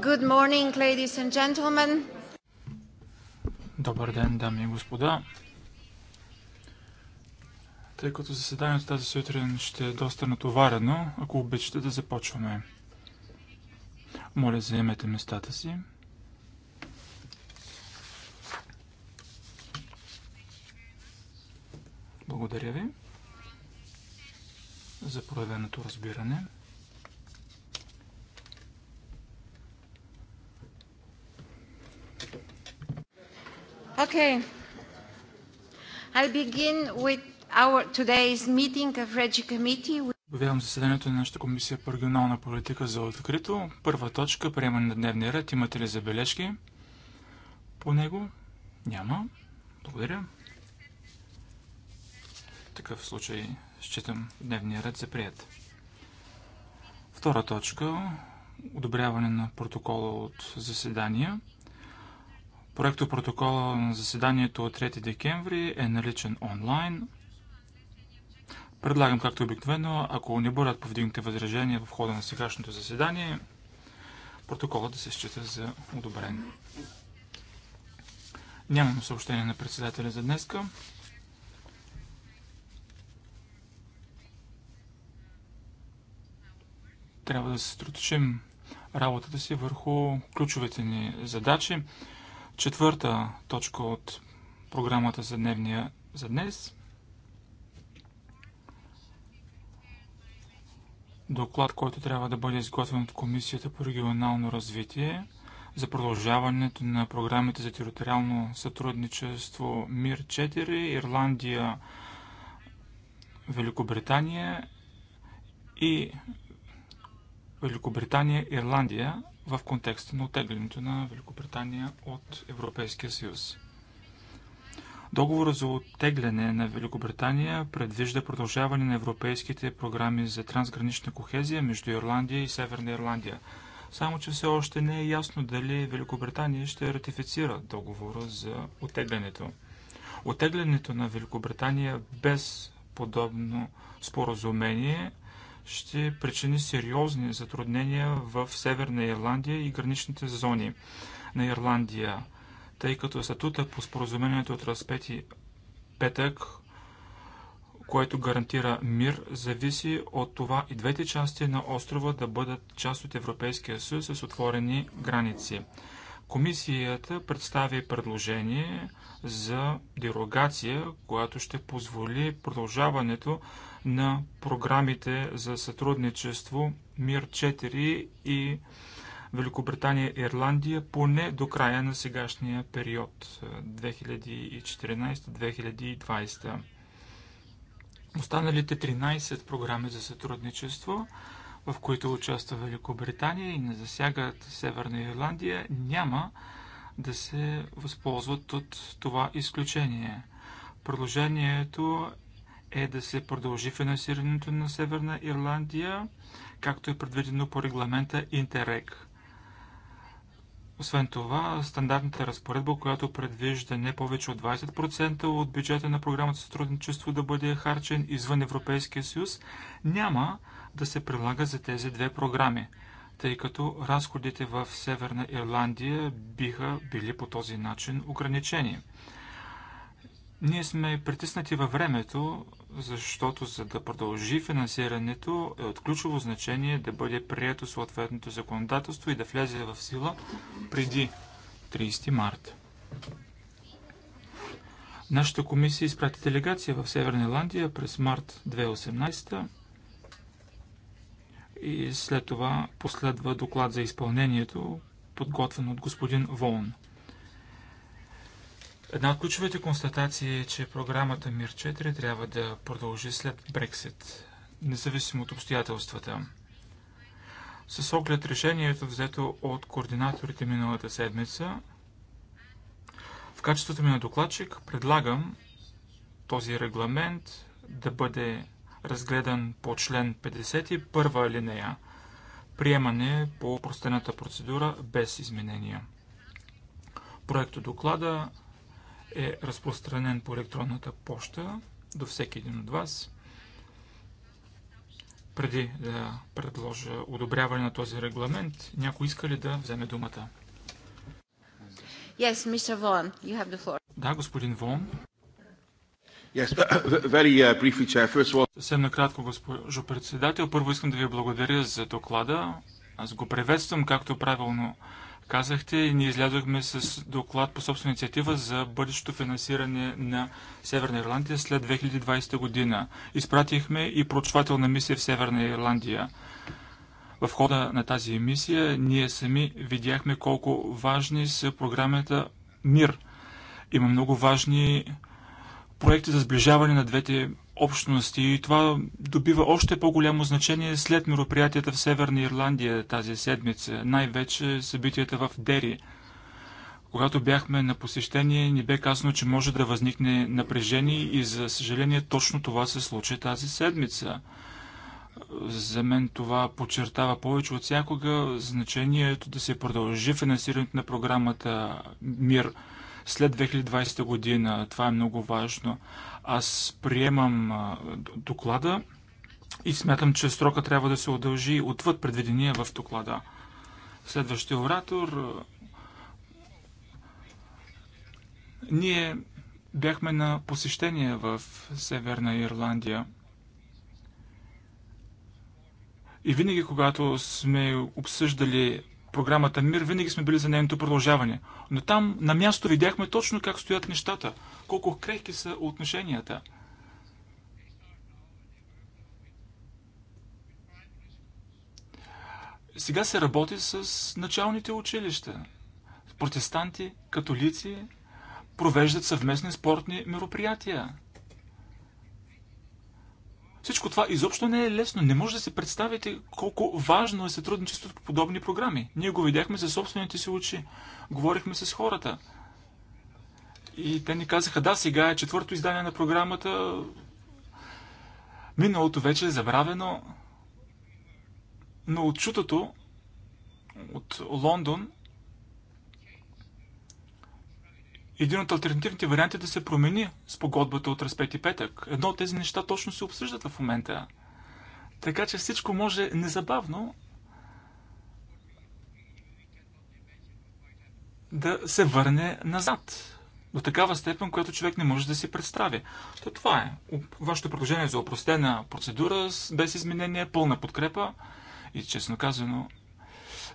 Good morning, ladies and gentlemen. Добър ден, дами и господа. Тъй като заседанието тази сутрин ще е доста натоварено, ако обичате да започваме. Моля, заемете местата си. Благодаря ви за проявеното разбиране. Okay. I'll begin with our today's meeting of Regi Committee. Обявявам заседанието на нашата комисия по регионална политика за открито. Първа точка, приемане на дневния ред. Имате ли забележки по него? Няма. Благодаря. В такъв случай считам дневния ред за прият. Втора точка, одобряване на протокола от заседания – Проектопротокола протокола на заседанието от 3 декември е наличен онлайн. Предлагам, както обикновено, ако не бъдат повдигнати възражения в хода на сегашното заседание, протоколът да се счита за одобрен. Нямам съобщение на председателя за днеска. Трябва да се стротичим работата си върху ключовете ни задачи четвърта точка от програмата за дневния за днес. Доклад, който трябва да бъде изготвен от Комисията по регионално развитие за продължаването на програмите за териториално сътрудничество МИР-4, Ирландия, Великобритания и Великобритания, Ирландия в контекста на отеглянето на Великобритания от Европейския съюз. Договорът за оттегляне на Великобритания предвижда продължаване на европейските програми за трансгранична кохезия между Ирландия и Северна Ирландия. Само, че все още не е ясно дали Великобритания ще ратифицира договора за оттеглянето. Оттеглянето на Великобритания без подобно споразумение – ще причини сериозни затруднения в Северна Ирландия и граничните зони на Ирландия, тъй като статута по споразумението от разпети петък, което гарантира мир, зависи от това и двете части на острова да бъдат част от Европейския съюз с отворени граници. Комисията представи предложение за дерогация, която ще позволи продължаването на програмите за сътрудничество МИР-4 и Великобритания и Ирландия поне до края на сегашния период 2014-2020. Е, Останалите 13 програми за сътрудничество, в които участва Великобритания и не засягат Северна Ирландия, няма да се възползват от това изключение. Продължението е да се продължи финансирането на Северна Ирландия, както е предвидено по регламента Интерек. Освен това, стандартната разпоредба, която предвижда не повече от 20% от бюджета на програмата сътрудничество да бъде харчен извън Европейския съюз, няма да се прилага за тези две програми, тъй като разходите в Северна Ирландия биха били по този начин ограничени. Ние сме притиснати във времето, защото за да продължи финансирането е от ключово значение да бъде прието съответното законодателство и да влезе в сила преди 30 март. Нашата комисия изпрати делегация в Северна Ирландия през март 2018 и след това последва доклад за изпълнението, подготвен от господин Волн. Една от ключовите констатации е, че програмата МИР-4 трябва да продължи след Брексит, независимо от обстоятелствата. С оглед решението взето от координаторите миналата седмица, в качеството ми на докладчик предлагам този регламент да бъде разгледан по член 51 алинея приемане по простената процедура без изменения. Проекто доклада е разпространен по електронната поща до всеки един от вас. Преди да предложа одобряване на този регламент, някой иска ли да вземе думата? Yes, Mr. Vaughan, you have the floor. Да, господин Вон. Yes, very uh, briefly, Chair. First of all... Съвсем накратко, госпожо председател. Първо искам да ви благодаря за доклада. Аз го приветствам, както правилно казахте и ние излязохме с доклад по собствена инициатива за бъдещето финансиране на Северна Ирландия след 2020 година. Изпратихме и проучвателна мисия в Северна Ирландия. В хода на тази мисия ние сами видяхме колко важни са програмата МИР. Има много важни проекти за сближаване на двете общности и това добива още по-голямо значение след мероприятията в Северна Ирландия тази седмица, най-вече събитията в Дери. Когато бяхме на посещение, ни бе казано, че може да възникне напрежение и за съжаление точно това се случи тази седмица. За мен това подчертава повече от всякога значението да се продължи финансирането на програмата МИР след 2020 година. Това е много важно. Аз приемам доклада и смятам, че срока трябва да се удължи отвъд предвидения в доклада. Следващия оратор. Ние бяхме на посещение в Северна Ирландия. И винаги, когато сме обсъждали програмата МИР, винаги сме били за нейното продължаване. Но там на място видяхме точно как стоят нещата, колко крехки са отношенията. Сега се работи с началните училища. Протестанти, католици провеждат съвместни спортни мероприятия. Всичко това изобщо не е лесно. Не може да се представите колко важно е сътрудничеството по подобни програми. Ние го видяхме със собствените си очи. Говорихме с хората. И те ни казаха, да, сега е четвърто издание на програмата. Миналото вече е забравено. Но от чутото от Лондон един от альтернативните варианти е да се промени спогодбата от разпети петък. Едно от тези неща точно се обсъждат в момента. Така че всичко може незабавно да се върне назад. До такава степен, която човек не може да си представи. То това е. Вашето предложение за опростена процедура без изменение, пълна подкрепа и честно казано,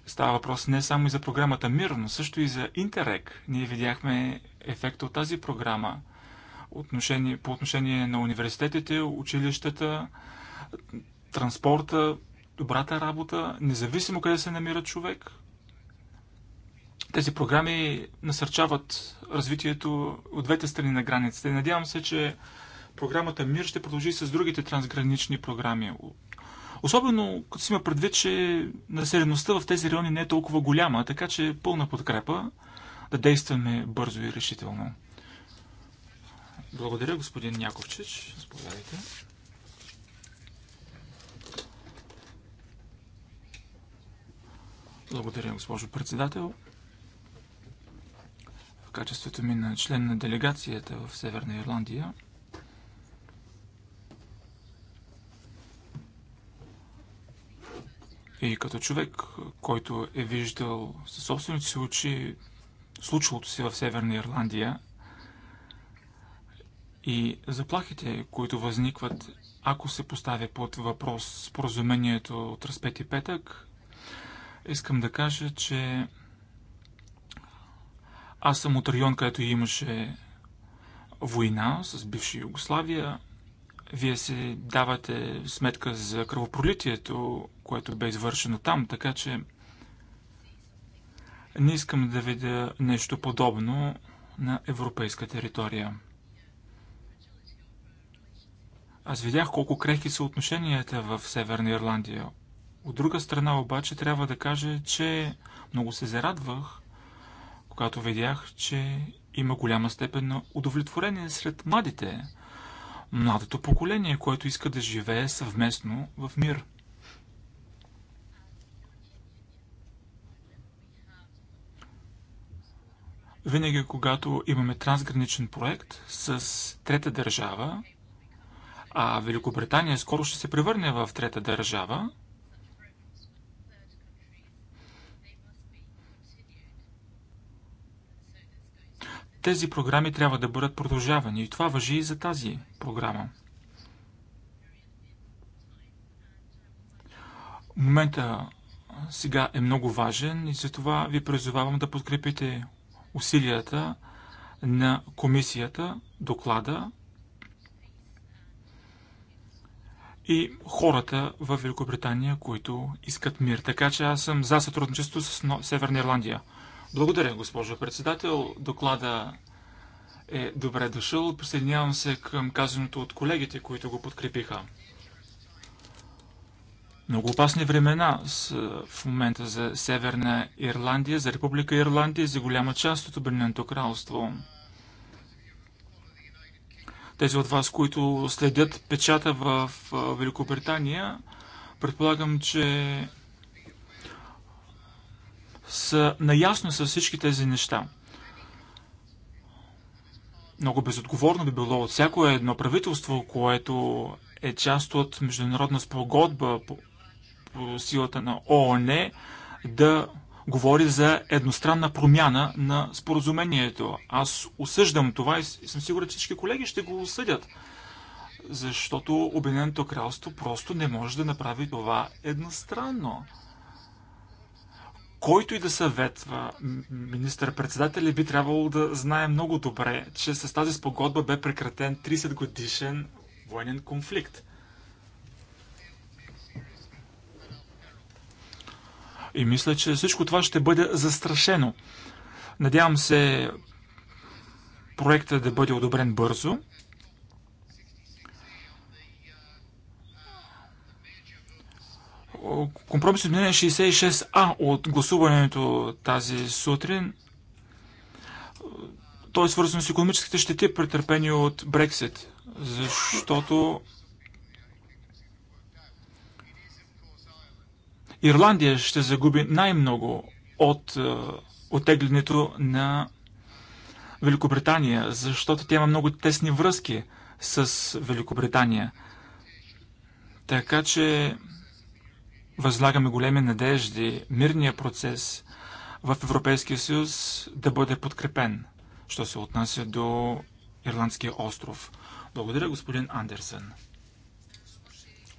Става въпрос не само и за програмата МИР, но също и за Интерек. Ние видяхме ефекта от тази програма отношение, по отношение на университетите, училищата, транспорта, добрата работа, независимо къде се намира човек. Тези програми насърчават развитието от двете страни на границата. надявам се, че програмата МИР ще продължи с другите трансгранични програми Особено като си има предвид, че населеността в тези райони не е толкова голяма, така че е пълна подкрепа да действаме бързо и решително. Благодаря, господин Няковчич. Заповядайте. Благодаря, госпожо председател. В качеството ми на член на делегацията в Северна Ирландия, И като човек, който е виждал със собствените си очи случилото си в Северна Ирландия и заплахите, които възникват, ако се поставя под въпрос споразумението от разпети петък, искам да кажа, че аз съм от район, където имаше война с бивша Югославия – вие си давате сметка за кръвопролитието, което бе извършено там, така че не искам да видя нещо подобно на европейска територия. Аз видях колко крехи са отношенията в Северна Ирландия. От друга страна обаче трябва да кажа, че много се зарадвах, когато видях, че има голяма степен на удовлетворение сред младите – младото поколение, което иска да живее съвместно в мир. Винаги, когато имаме трансграничен проект с трета държава, а Великобритания скоро ще се превърне в трета държава, Тези програми трябва да бъдат продължавани и това въжи и за тази програма. Момента сега е много важен и затова ви призовавам да подкрепите усилията на комисията, доклада и хората в Великобритания, които искат мир. Така че аз съм за сътрудничество с Северна Ирландия. Благодаря, госпожо председател. Доклада е добре дошъл. Присъединявам се към казаното от колегите, които го подкрепиха. Много опасни времена са в момента за Северна Ирландия, за Република Ирландия и за голяма част от Обединеното кралство. Тези от вас, които следят печата в Великобритания, предполагам, че са наясно с всички тези неща. Много безотговорно би било от всяко едно правителство, което е част от международна спогодба по, по силата на ООН, да говори за едностранна промяна на споразумението. Аз осъждам това и съм сигурен, че всички колеги ще го осъдят. Защото Обединеното кралство просто не може да направи това едностранно който и да съветва министър-председателя би трябвало да знае много добре, че с тази спогодба бе прекратен 30 годишен военен конфликт. И мисля, че всичко това ще бъде застрашено. Надявам се проектът да бъде одобрен бързо. компромисно изменение 66А от гласуването тази сутрин. Той е свързан с економическите щети, претърпени от Брексит, защото Ирландия ще загуби най-много от е, отеглянето на Великобритания, защото тя има много тесни връзки с Великобритания. Така че възлагаме големи надежди мирния процес в Европейския съюз да бъде подкрепен, що се отнася до Ирландския остров. Благодаря, господин Андерсен.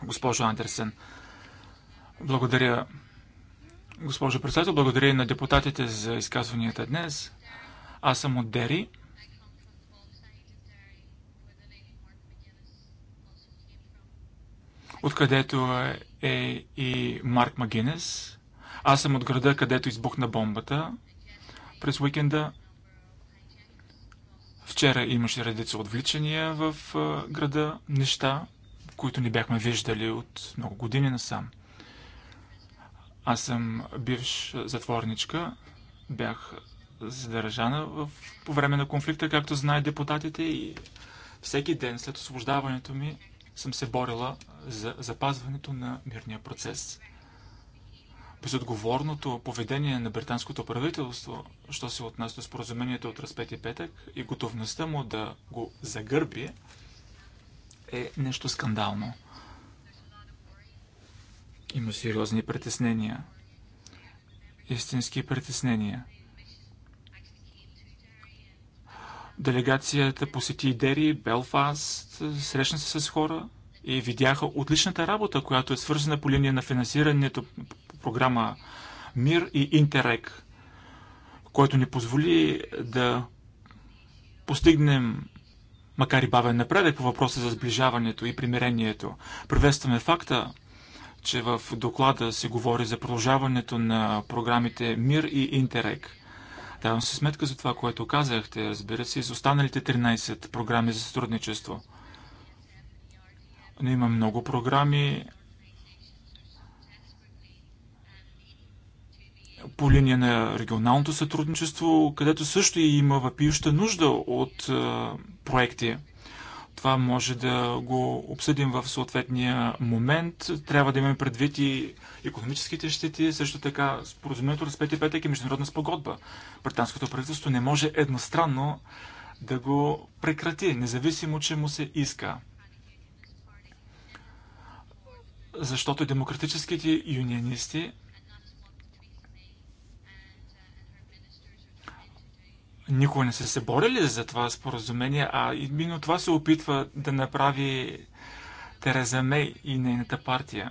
Госпожо Андерсен, благодаря, госпожо председател, благодаря и на депутатите за изказванията днес. Аз съм от Дери. откъдето е, е и Марк Магинес. Аз съм от града, където избухна бомбата през уикенда. Вчера имаше редица отвличания в е, града, неща, които не бяхме виждали от много години насам. Аз съм бивш затворничка, бях задържана в, по време на конфликта, както знае депутатите и всеки ден след освобождаването ми съм се борила за запазването на мирния процес. Безотговорното поведение на британското правителство, що се отнася до споразумението от разпети петък и готовността му да го загърби, е нещо скандално. Има сериозни притеснения. Истински притеснения. Делегацията посети Дери, Белфаст, срещна се с хора и видяха отличната работа, която е свързана по линия на финансирането по програма МИР и Интерек, който ни позволи да постигнем макар и бавен напредък по въпроса за сближаването и примирението. Приветстваме факта, че в доклада се говори за продължаването на програмите МИР и Интерек – Давам си сметка за това, което казахте, разбира се, и за останалите 13 програми за сътрудничество. Но има много програми по линия на регионалното сътрудничество, където също и има въпиюща нужда от проекти. Това може да го обсъдим в съответния момент. Трябва да имаме предвид и економическите щети, също така споразумението с и петък и международна спогодба. Британското правителство не може едностранно да го прекрати, независимо, че му се иска. Защото демократическите юнионисти никога не са се борили за това споразумение, а именно това се опитва да направи Тереза Мей и нейната партия.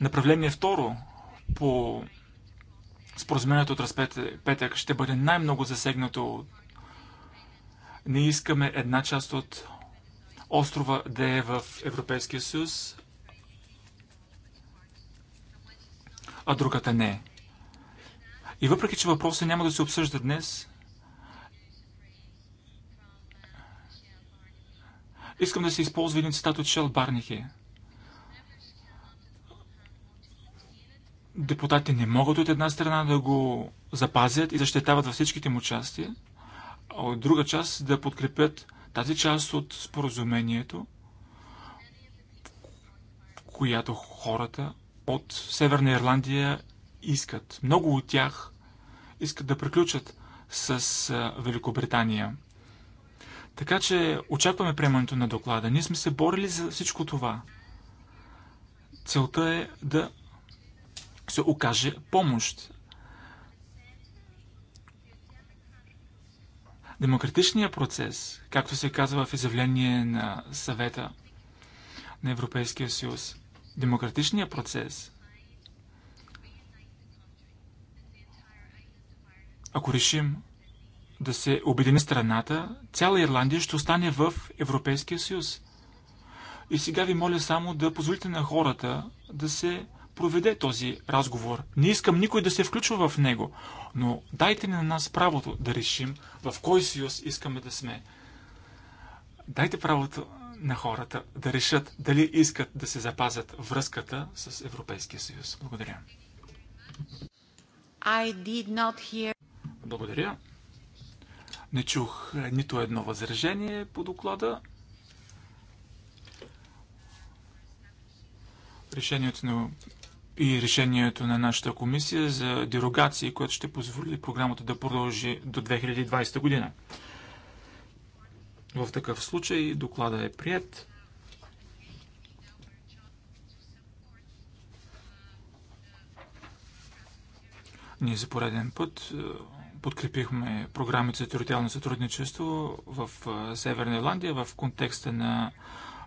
Направление второ по споразумението от разпетък ще бъде най-много засегнато. Не искаме една част от острова да е в Европейския съюз, а другата не. И въпреки, че въпросът няма да се обсъжда днес, искам да се използва един цитат от Шел Барнихе. Депутатите не могат от една страна да го запазят и защитават във всичките му части, а от друга част да подкрепят тази част от споразумението, която хората от Северна Ирландия искат. Много от тях искат да приключат с Великобритания. Така че очакваме приемането на доклада. Ние сме се борили за всичко това. Целта е да се окаже помощ. Демократичният процес, както се казва в изявление на съвета на Европейския съюз, демократичния процес, ако решим да се обедини страната, цяла Ирландия ще остане в Европейския съюз. И сега ви моля само да позволите на хората да се проведе този разговор. Не искам никой да се включва в него, но дайте ни на нас правото да решим в кой съюз искаме да сме. Дайте правото на хората да решат дали искат да се запазят връзката с Европейския съюз. Благодаря. I did not hear... Благодаря. Не чух нито едно възражение по доклада. Решението на и решението на нашата комисия за дерогации, което ще позволи програмата да продължи до 2020 година. В такъв случай доклада е прият. Ние за пореден път е, подкрепихме програмите за териториално сътрудничество в е, Северна Ирландия в контекста на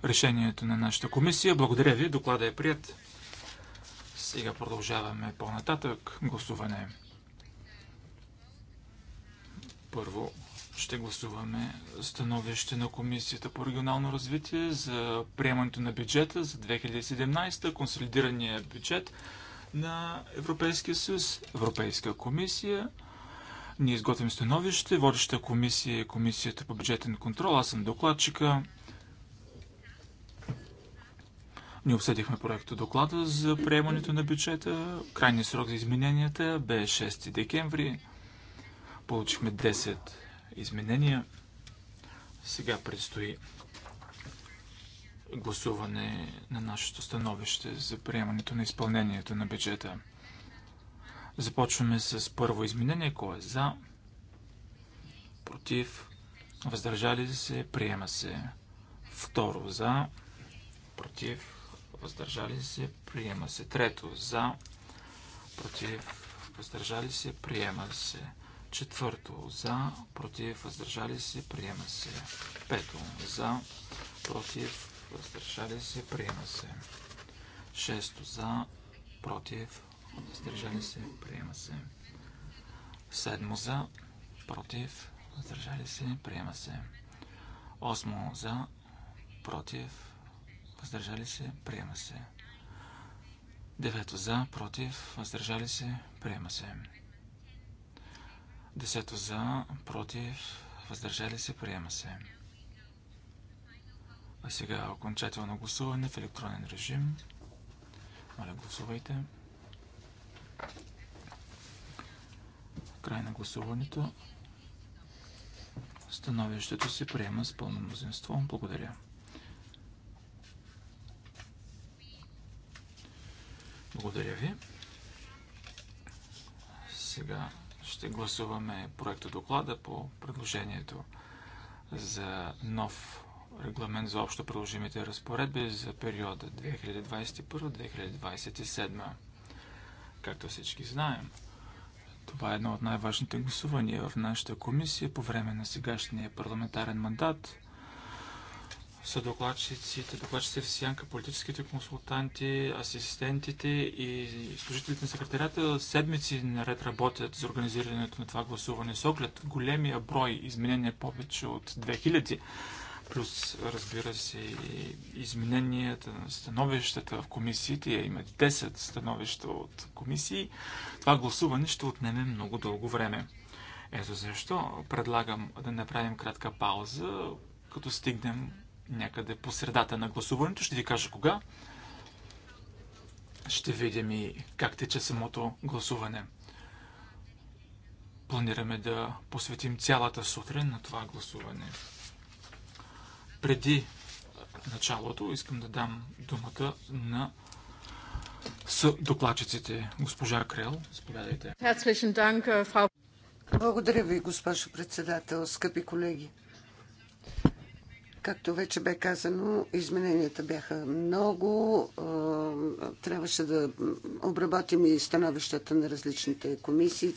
решението на нашата комисия. Благодаря ви, доклада е прият. Сега продължаваме по-нататък гласуване. Първо ще гласуваме становище на Комисията по регионално развитие за приемането на бюджета за 2017, консолидирания бюджет на Европейския съюз, Европейска комисия. Ние изготвим становище. Водеща комисия е Комисията по бюджетен контрол. Аз съм докладчика. Ние обсъдихме проекта доклада за приемането на бюджета. Крайният срок за измененията бе 6 декември. Получихме 10 изменения. Сега предстои гласуване на нашето становище за приемането на изпълнението на бюджета. Започваме с първо изменение, кое е за, против, въздържали се, приема се. Второ за, против, въздържали се, приема се. Трето за, против, въздържали се, приема се. Четвърто. За, против, въздържали се, приема се. Пето. За, против, въздържали се, приема се. Шесто. За, против, въздържали се, приема се. Седмо. За, против, въздържали се, приема се. Осмо. За, против, въздържали се, приема се. Девето. За, против, въздържали се, приема се. Десето за, против, въздържали се, приема се. А сега окончателно гласуване в електронен режим. Моля, гласувайте. Край на гласуването. Становището се приема с пълно мнозинство. Благодаря. Благодаря ви. Сега ще гласуваме проекта доклада по предложението за нов регламент за общо приложимите разпоредби за периода 2021-2027. Както всички знаем, това е едно от най-важните гласувания в нашата комисия по време на сегашния парламентарен мандат – са докладчиците, докладчиците в Сянка, политическите консултанти, асистентите и служителите на секретарията седмици наред работят за организирането на това гласуване. С оглед големия брой изменения повече от 2000, плюс разбира се измененията на становищата в комисиите, има 10 становища от комисии, това гласуване ще отнеме много дълго време. Ето защо предлагам да направим кратка пауза, като стигнем някъде по средата на гласуването. Ще ви кажа кога. Ще видим и как тече самото гласуване. Планираме да посветим цялата сутрин на това гласуване. Преди началото искам да дам думата на с докладчиците. Госпожа Крел, заповядайте. Благодаря ви, госпожо председател, скъпи колеги. Както вече бе казано, измененията бяха много. Е, трябваше да обработим и становищата на различните комисии.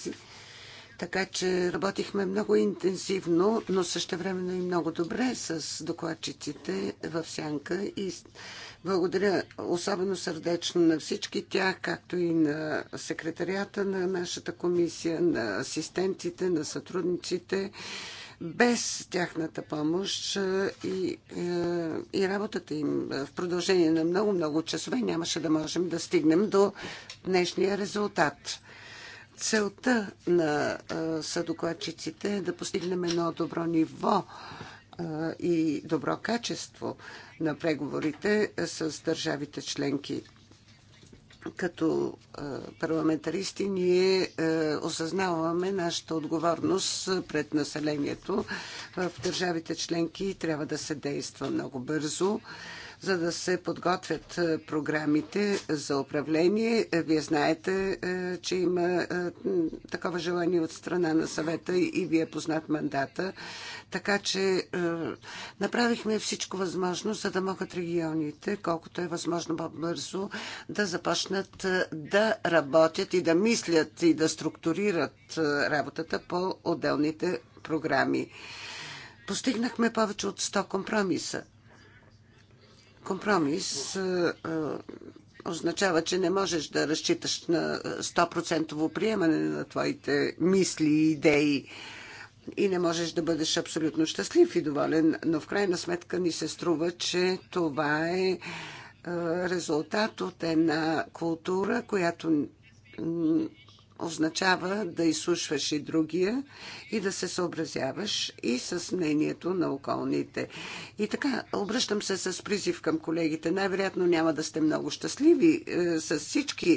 Така че работихме много интенсивно, но времено и много добре с докладчиците в Сянка и благодаря особено сърдечно на всички тях, както и на секретарията на нашата комисия, на асистентите, на сътрудниците. Без тяхната помощ и, е, и работата им в продължение на много-много часове нямаше да можем да стигнем до днешния резултат. Целта на е, съдокладчиците е да постигнем едно добро ниво е, и добро качество на преговорите с държавите членки като парламентаристи ние осъзнаваме нашата отговорност пред населението в държавите членки и трябва да се действа много бързо за да се подготвят е, програмите за управление. Е, вие знаете, е, че има такова желание от страна на съвета и ви е познат мандата. Така че направихме всичко възможно, за да могат регионите, колкото е възможно по-бързо, да започнат да работят и да мислят и да структурират работата по отделните програми. Постигнахме повече от 100 компромиса Компромис означава, че не можеш да разчиташ на 100% приемане на твоите мисли и идеи и не можеш да бъдеш абсолютно щастлив и доволен, но в крайна сметка ни се струва, че това е резултат от една култура, която означава да изслушваш и другия и да се съобразяваш и с мнението на околните. И така, обръщам се с призив към колегите. Най-вероятно няма да сте много щастливи е, с всички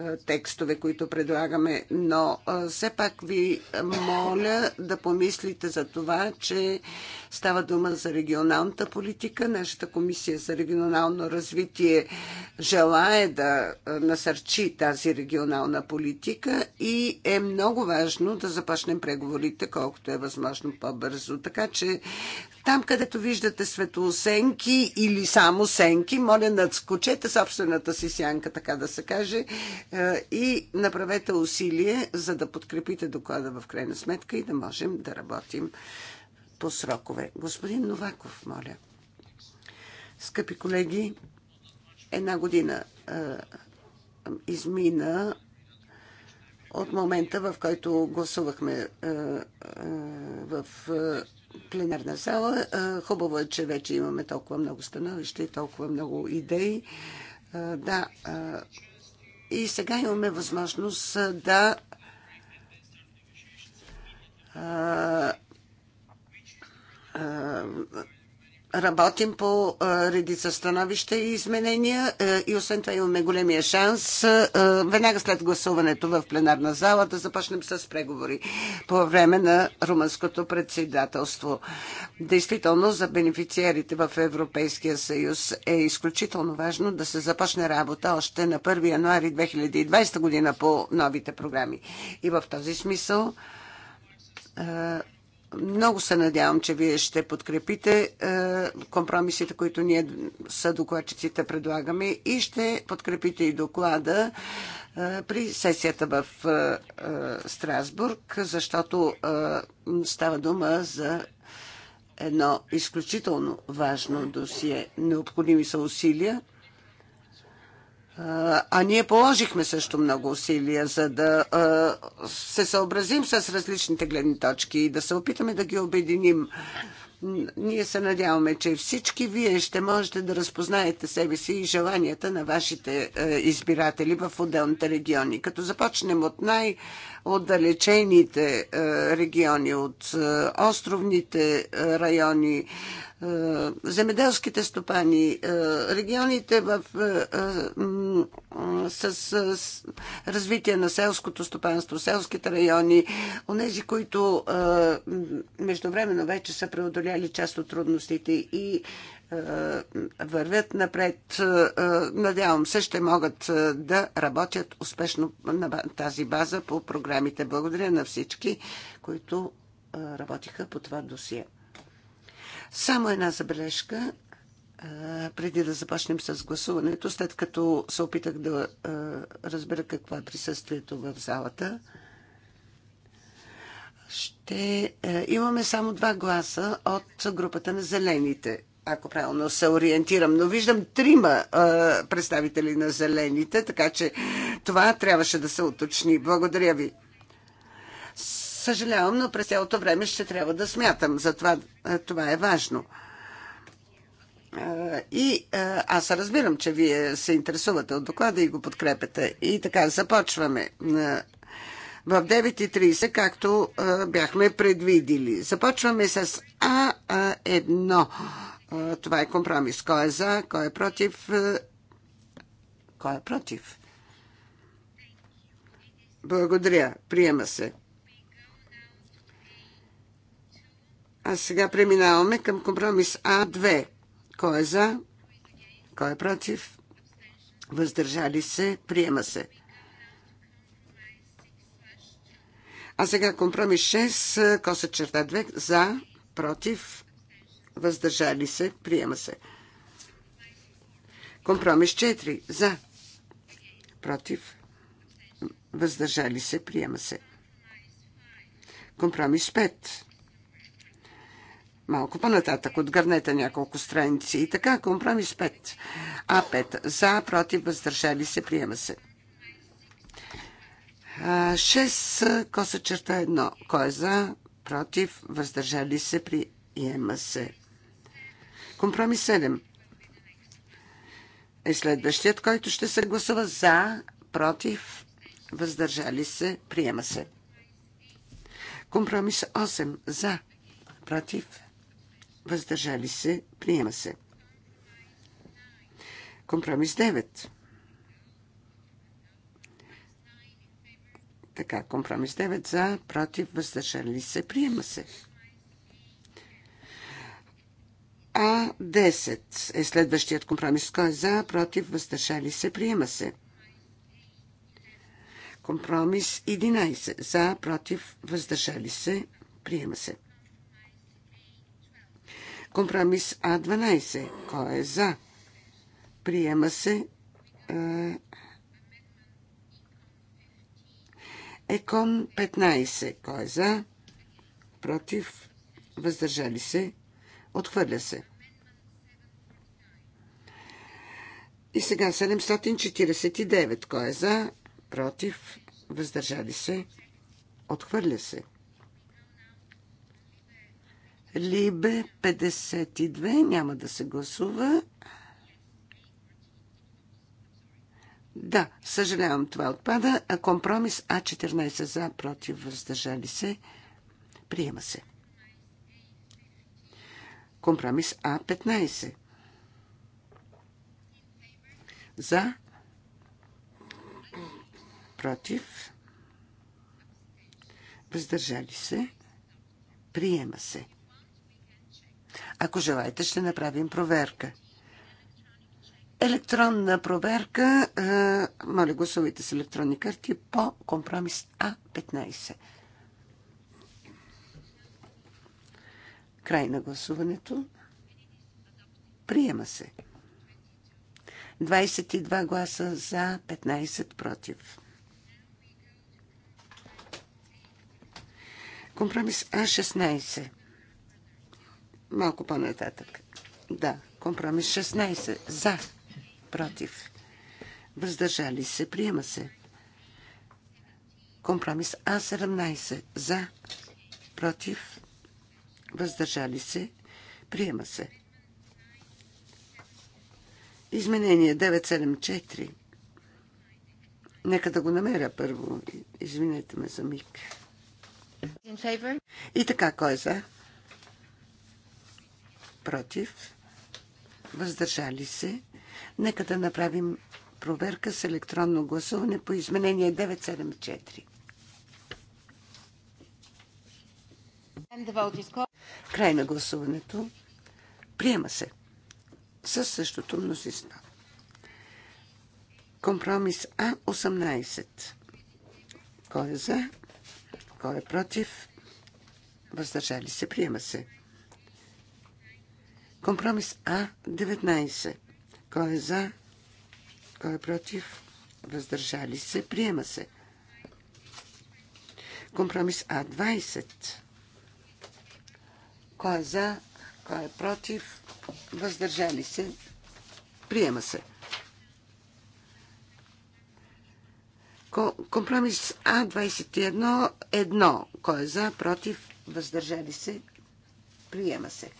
е, текстове, които предлагаме, но е, все пак ви моля да помислите за това, че става дума за регионалната политика. Нашата комисия за регионално развитие желае да е, насърчи тази регионална политика политика и е много важно да започнем преговорите колкото е възможно по-бързо. Така че там, където виждате светлосенки или само сенки, моля надскочете собствената си сянка, така да се каже, е, и направете усилие, за да подкрепите доклада в крайна сметка и да можем да работим по срокове. Господин Новаков, моля. Скъпи колеги, една година е, измина от момента, в който гласувахме е, е, в е, пленарна зала. Хубаво е, че вече имаме толкова много становища и толкова много идеи. Да, и сега имаме възможност да работим по редица становища и изменения и освен това имаме големия шанс веднага след гласуването в пленарна зала да започнем с преговори по време на румънското председателство. Действително за бенефициерите в Европейския съюз е изключително важно да се започне работа още на 1 януари 2020 година по новите програми. И в този смисъл много се надявам, че вие ще подкрепите е, компромисите, които ние са докладчиците предлагаме и ще подкрепите и доклада е, при сесията в е, Страсбург, защото става дума за едно изключително важно досие. Необходими са усилия а ние положихме също много усилия, за да се съобразим с различните гледни точки и да се опитаме да ги обединим. Ние се надяваме, че всички вие ще можете да разпознаете себе си и желанията на вашите избиратели в отделните региони. Като започнем от най- отдалечените е, региони, от е, островните е, райони, земеделските стопани, регионите в, с, с развитие на селското стопанство, селските райони, онези, които междувременно вече са преодоляли част от трудностите и е, вървят напред. Е, е, надявам се, ще могат да работят успешно на тази база по програмите. Благодаря на всички, които работиха по това досие. Само една забележка преди да започнем с гласуването, след като се опитах да разбера какво е присъствието в залата. Ще имаме само два гласа от групата на зелените ако правилно се ориентирам, но виждам трима а, представители на зелените, така че това трябваше да се уточни. Благодаря ви. Съжалявам, но през цялото време ще трябва да смятам. Затова а, това е важно. и аз разбирам, че вие се интересувате от доклада и го подкрепяте. И така, започваме в 9.30, както бяхме предвидили. Започваме с А1. Това е компромис. Кой е за, кой е против? Е, кой е против? Благодаря. Приема се. А сега преминаваме към компромис А2. Кой е за? Кой е против? Въздържали се? Приема се. А сега компромис 6, е, коса черта 2, за, против, въздържали се, приема се. Компромис 4 за, против, въздържали се, приема се. Компромис 5. Малко по-нататък отгърнете няколко страници. И така, компромис 5. А5. За, против, въздържали се, приема се. 6. Коса черта 1. Кой е за, против, въздържали се, приема се. Компромис 7 е следващият, който ще се гласува за, против, въздържали се, приема се. Компромис 8 за, против, въздържали се, приема се. Компромис 9. Така, компромис 9 за, против, въздържали се, приема се. А10 е следващият компромис. Кой е за, против, въздържали се, приема се. Компромис 11. За, против, въздържали се, приема се. Компромис А12. Кой е за? Приема се. Екон 15. Кой е за? Против, въздържали се, Отхвърля се. И сега 749. Кой е за? Против? Въздържали се? Отхвърля се. Либе 52. Няма да се гласува. Да, съжалявам, това отпада. а Компромис А14 за, против, въздържали се. Приема се. Компромис А15. За. Против. Въздържали се. Приема се. Ако желаете, ще направим проверка. Електронна проверка. Е, моля, гласувайте с електронни карти по компромис А15. Край на гласуването. Приема се. 22 гласа за, 15 против. Компромис А16. Малко по-нататък. Да, компромис 16. За, против. Въздържали се, приема се. Компромис А17. За, против въздържали се, приема се. Изменение 974. Нека да го намеря първо. Извинете ме за миг. И така, кой е за? Против. Въздържали се. Нека да направим проверка с електронно гласуване по изменение 974. Край на гласуването. Приема се. Със същото мнозинство. Компромис А18. Кой е за? Кой е против? Въздържали се. Приема се. Компромис А19. Кой е за? Кой е против? Въздържали се. Приема се. Компромис А20. Кой е за? Кой е против? Въздържали се? Приема се. Компромис А21 1. Кой е за? Против? Въздържали се? Приема се.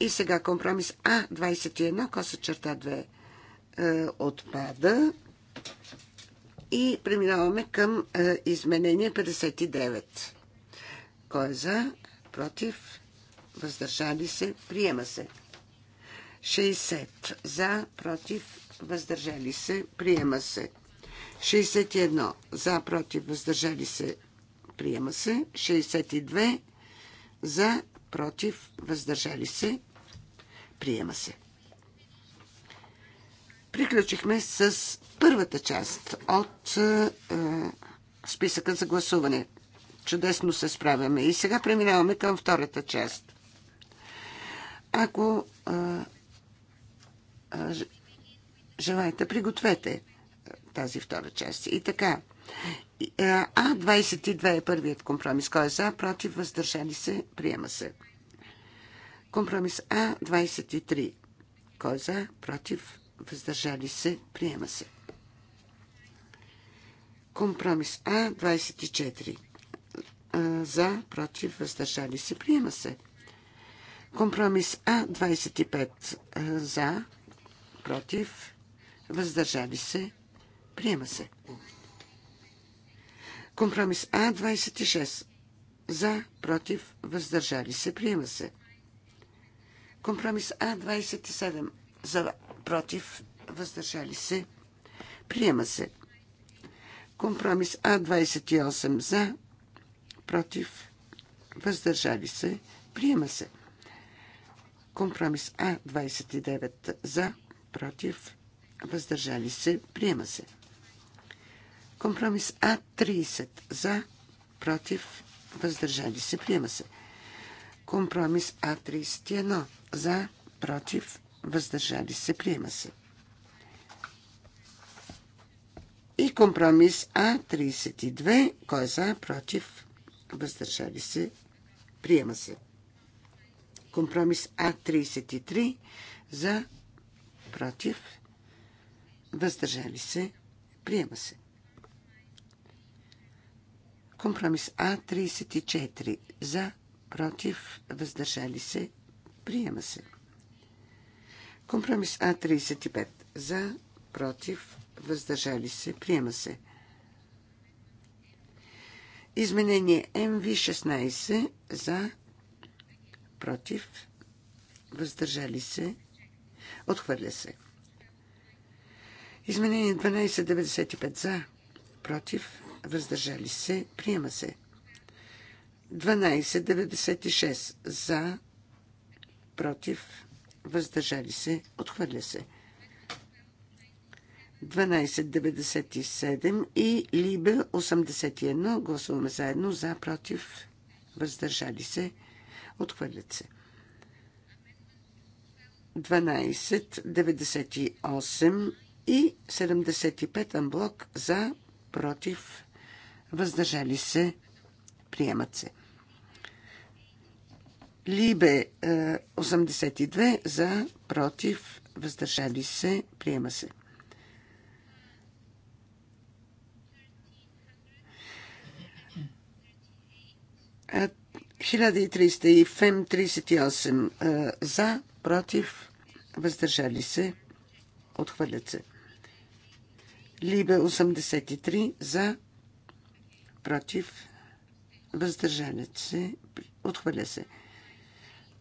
И сега компромис А21, коса черта 2 е, отпада. И преминаваме към е, изменение 59. Кой е за? Против? Въздържали се? Приема се. 60. За, против, въздържали се, приема се. 61. За, против, въздържали се, приема се. 62. За, против, въздържали се, приема се. Приключихме с първата част от е, списъка за гласуване чудесно се справяме. И сега преминаваме към втората част. Ако а, а, желаете, пригответе тази втора част. И така. А22 е първият компромис. Кой е за, против, въздържали се, приема се. Компромис А23. Кой е за, против, въздържали се, приема се. Компромис А24 за, против, въздържали се, приема се. Компромис А 25 за, против, въздържали се, приема се. Компромис А 26 за, против, въздържали се, приема се. Компромис А 27 за, против, въздържали се, приема се. Компромис А28 за, против, въздържали се, приема се. Компромис А29 за, против, въздържали се, приема се. Компромис А30 за, против, въздържали се, приема се. Компромис А31 за, против, въздържали се, приема се. И компромис А32, кой е за, против, въздържали се, приема се. Компромис А33 за, против, въздържали се, приема се. Компромис А34 за, против, въздържали се, приема се. Компромис А35 за, против, въздържали се, приема се. Изменение МВ-16 за против, въздържали се, отхвърля се. Изменение 1295 за против, въздържали се, приема се. 1296 за против, въздържали се, отхвърля се. 1297 и Либе 81. Гласуваме заедно за, против, въздържали се, отхвърлят се. 1298 и 75 амблок за, против, въздържали се, приемат се. Либе 82 е, за, против, въздържали се, приема се. 1300 и ФЕМ 38 е, за, против, въздържали се, отхвърлят се. Либе 83 за, против, въздържали се, отхвърля се.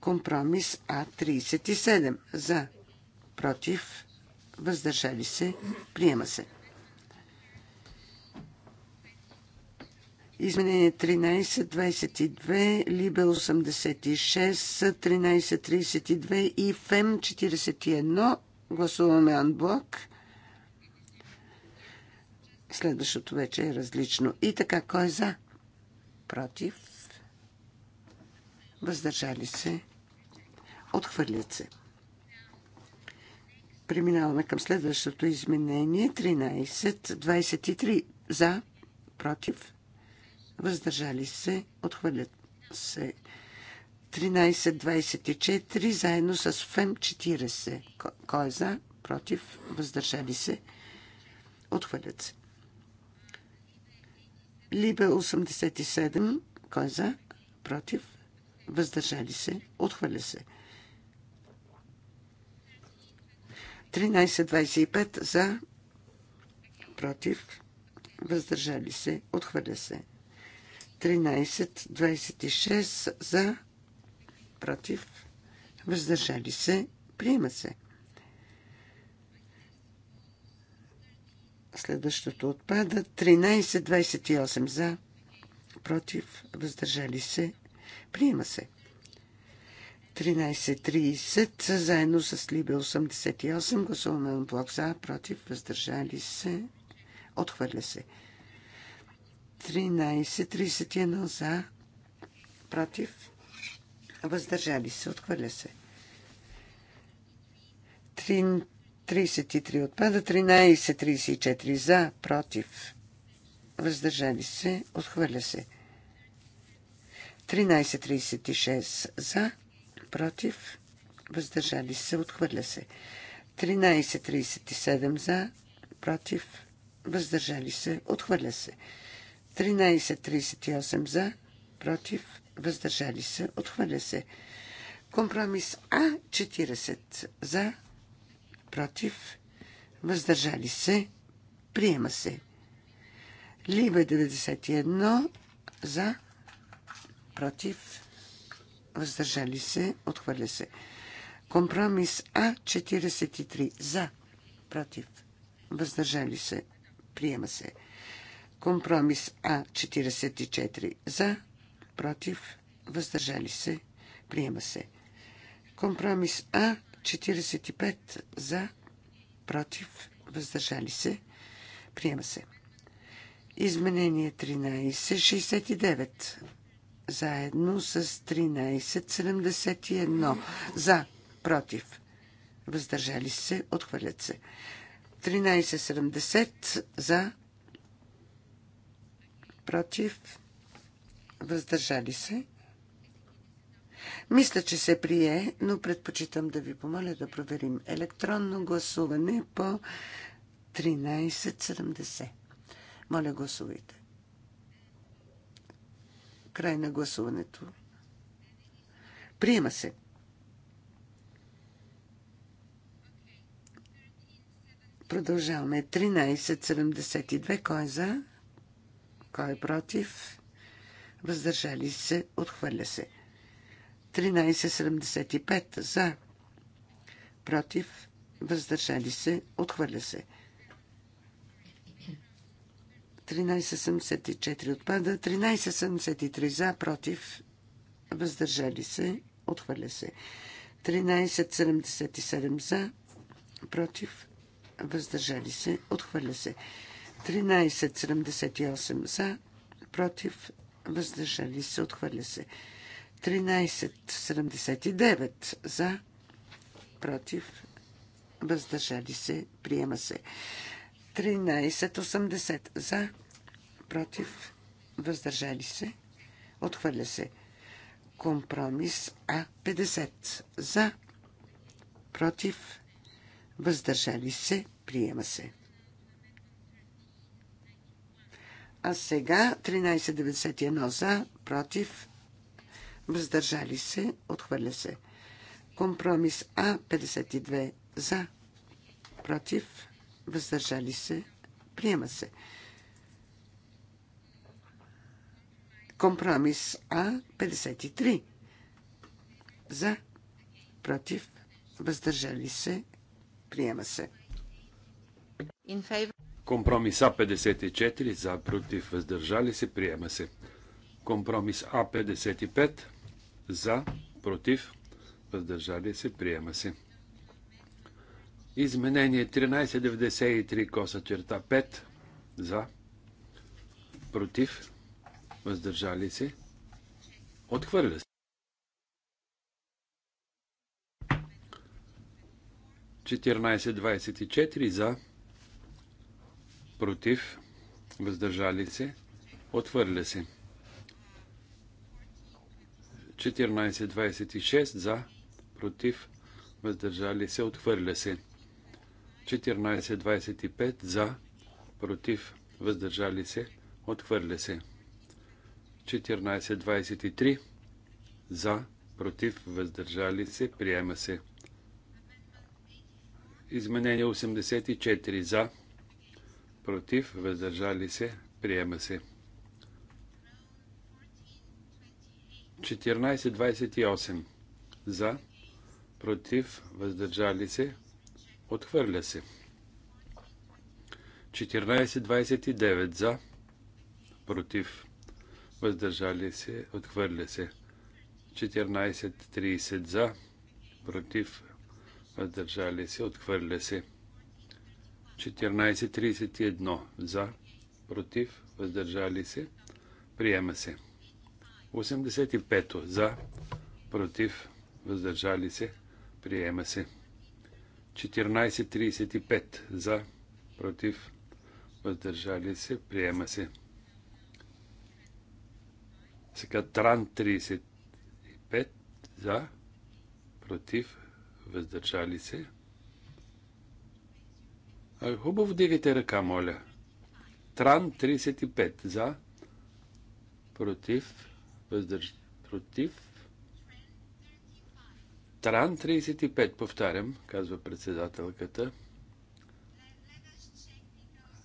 Компромис А37 за, против, въздържали се, приема се. Изменение 13.22, Либе 86, 13.32 и ФЕМ 41. Гласуваме анблок. Следващото вече е различно. И така, кой е за? Против? Въздържали се? Отхвърлят се. Преминаваме към следващото изменение. 13, 23 за, против, въздържали се, отхвърлят се 13.24 заедно с ФЕМ 40. Кой е за? Против? Въздържали се? Отхвърлят се. Либе 87. Кой е за? Против? Въздържали се? Отхвърля се. 13.25 за? Против? Въздържали се? Отхвърля се. 13.26 13.26 за против. Въздържали се. Приема се. Следващото отпада. 13-28 за против. Въздържали се. Приема се. 13.30 заедно с Либе 88. Гласуваме на блок за, против, въздържали се, отхвърля се. 13.31 за, против, въздържали се, отхвърля се. 33 отпада, 13.34 за, против, въздържали се, отхвърля се. 13.36 за, против, въздържали се, отхвърля се. 13.37 за, против, въздържали се, отхвърля се. 13.38 за, против, въздържали се, отхвърля се. Компромис А 40 за, против, въздържали се, приема се. Либе 91 за, против, въздържали се, отхвърля се. Компромис А 43 за, против, въздържали се, приема се. Компромис А44 за, против, въздържали се, приема се. Компромис А45 за, против, въздържали се, приема се. Изменение 1369 заедно с 1371 за, против, въздържали се, отхвърлят се. 1370 за, против, въздържали се. Мисля, че се прие, но предпочитам да ви помоля да проверим електронно гласуване по 1370. Моля, гласувайте. Край на гласуването. Приема се. Продължаваме. 13.72. Кой е за? Кой е против? Въздържали се. Отхвърля се. 1375 за. Против. Въздържали се. Отхвърля се. 1374 отпада. 1373 за. Против. Въздържали се. Отхвърля се. 1377 за. Против. Въздържали се. Отхвърля се. 1378 за, против, въздържали се, отхвърля се. 1379 за, против, въздържали се, приема се. 1380 за, против, въздържали се, отхвърля се. Компромис А50 за, против, въздържали се, приема се. А сега 1391 за, против, въздържали се, отхвърля се. Компромис А 52 за, против, въздържали се, приема се. Компромис А 53 за, против, въздържали се, приема се. Компромис А54 за, против, въздържали се, приема се. Компромис А55 за, против, въздържали се, приема се. Изменение 1393 коса черта 5 за, против, въздържали се, отхвърля се. 1424 за, против, въздържали се, отвърля се. 14.26 за, против, въздържали се, отхвърля се. 14.25 за, против, въздържали се, отхвърля се. 14.23 за, против, въздържали се, приема се. Изменение 84 за, против, въздържали се, приема се. 14.28 за, против, въздържали се, отхвърля се. 14.29 за, против, въздържали се, отхвърля се. 14.30 за, против, въздържали се, отхвърля се. 14.31 14.31 за, против, въздържали се, приема се. 85 за, против, въздържали се, приема се. 14.35 за, против, въздържали се, приема се. Сега Тран 35 за, против, въздържали се, Хубаво вдигайте ръка, моля. Тран 35. За. Против. Въздърж... Против. Тран 35. Повтарям, казва председателката.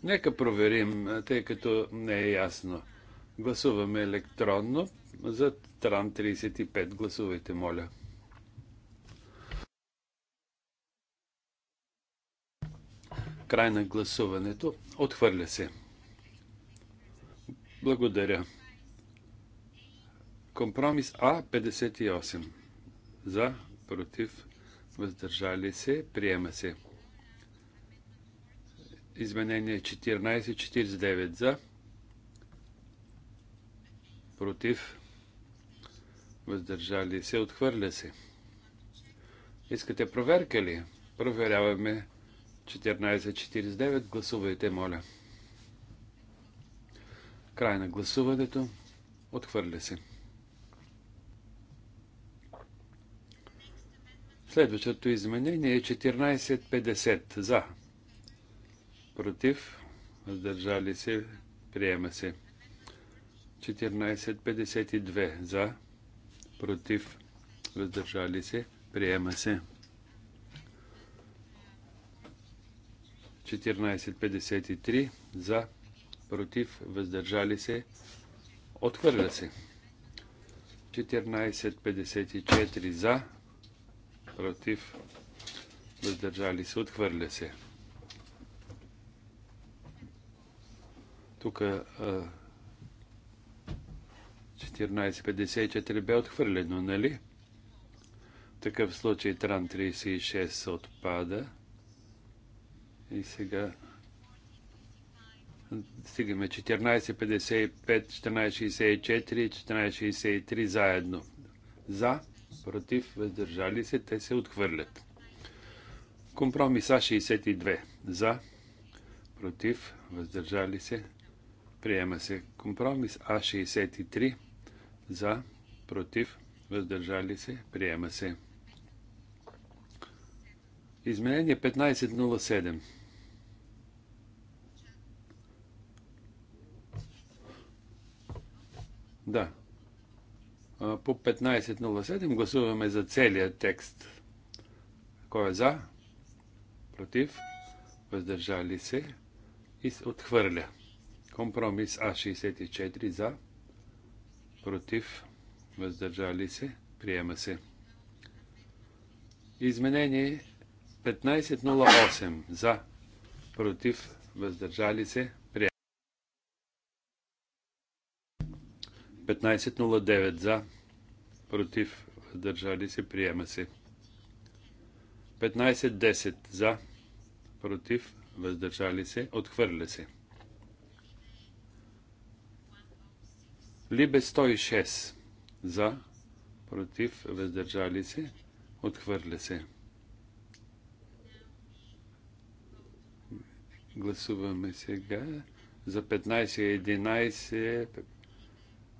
Нека проверим, тъй като не е ясно. Гласуваме електронно за Тран 35. Гласувайте, моля. Край на гласуването. Отхвърля се. Благодаря. Компромис А58. За, против, въздържали се, приема се. Изменение 1449 за, против, въздържали се, отхвърля се. Искате проверка ли? Проверяваме 1449. Гласувайте, моля. Край на гласуването. Отхвърля се. Следващото изменение е 1450 за. Против. Въздържали се. Приема се. 1452 за. Против. Въздържали се. Приема се. 1453 за, против, въздържали се, отхвърля се. 1454 за, против, въздържали се, отхвърля се. Тук 1454 бе отхвърлено, нали? В такъв случай Тран 36 отпада. И сега стигаме 14.55, 14.64, 14.63 заедно. За, против, въздържали се, те се отхвърлят. Компромис А62. За, против, въздържали се, приема се. Компромис А63. За, против, въздържали се, приема се. Изменение 1507. Да. По 15.07 гласуваме за целият текст. Кой е за? Против? Въздържали се? И се отхвърля. Компромис А64 за? Против? Въздържали се? Приема се. Изменение 15.08 за? Против? Въздържали се? 1509 за, против, въздържали се, приема се. 1510 за, против, въздържали се, отхвърля се. Либе 106 за, против, въздържали се, отхвърля се. Гласуваме сега за 15.11.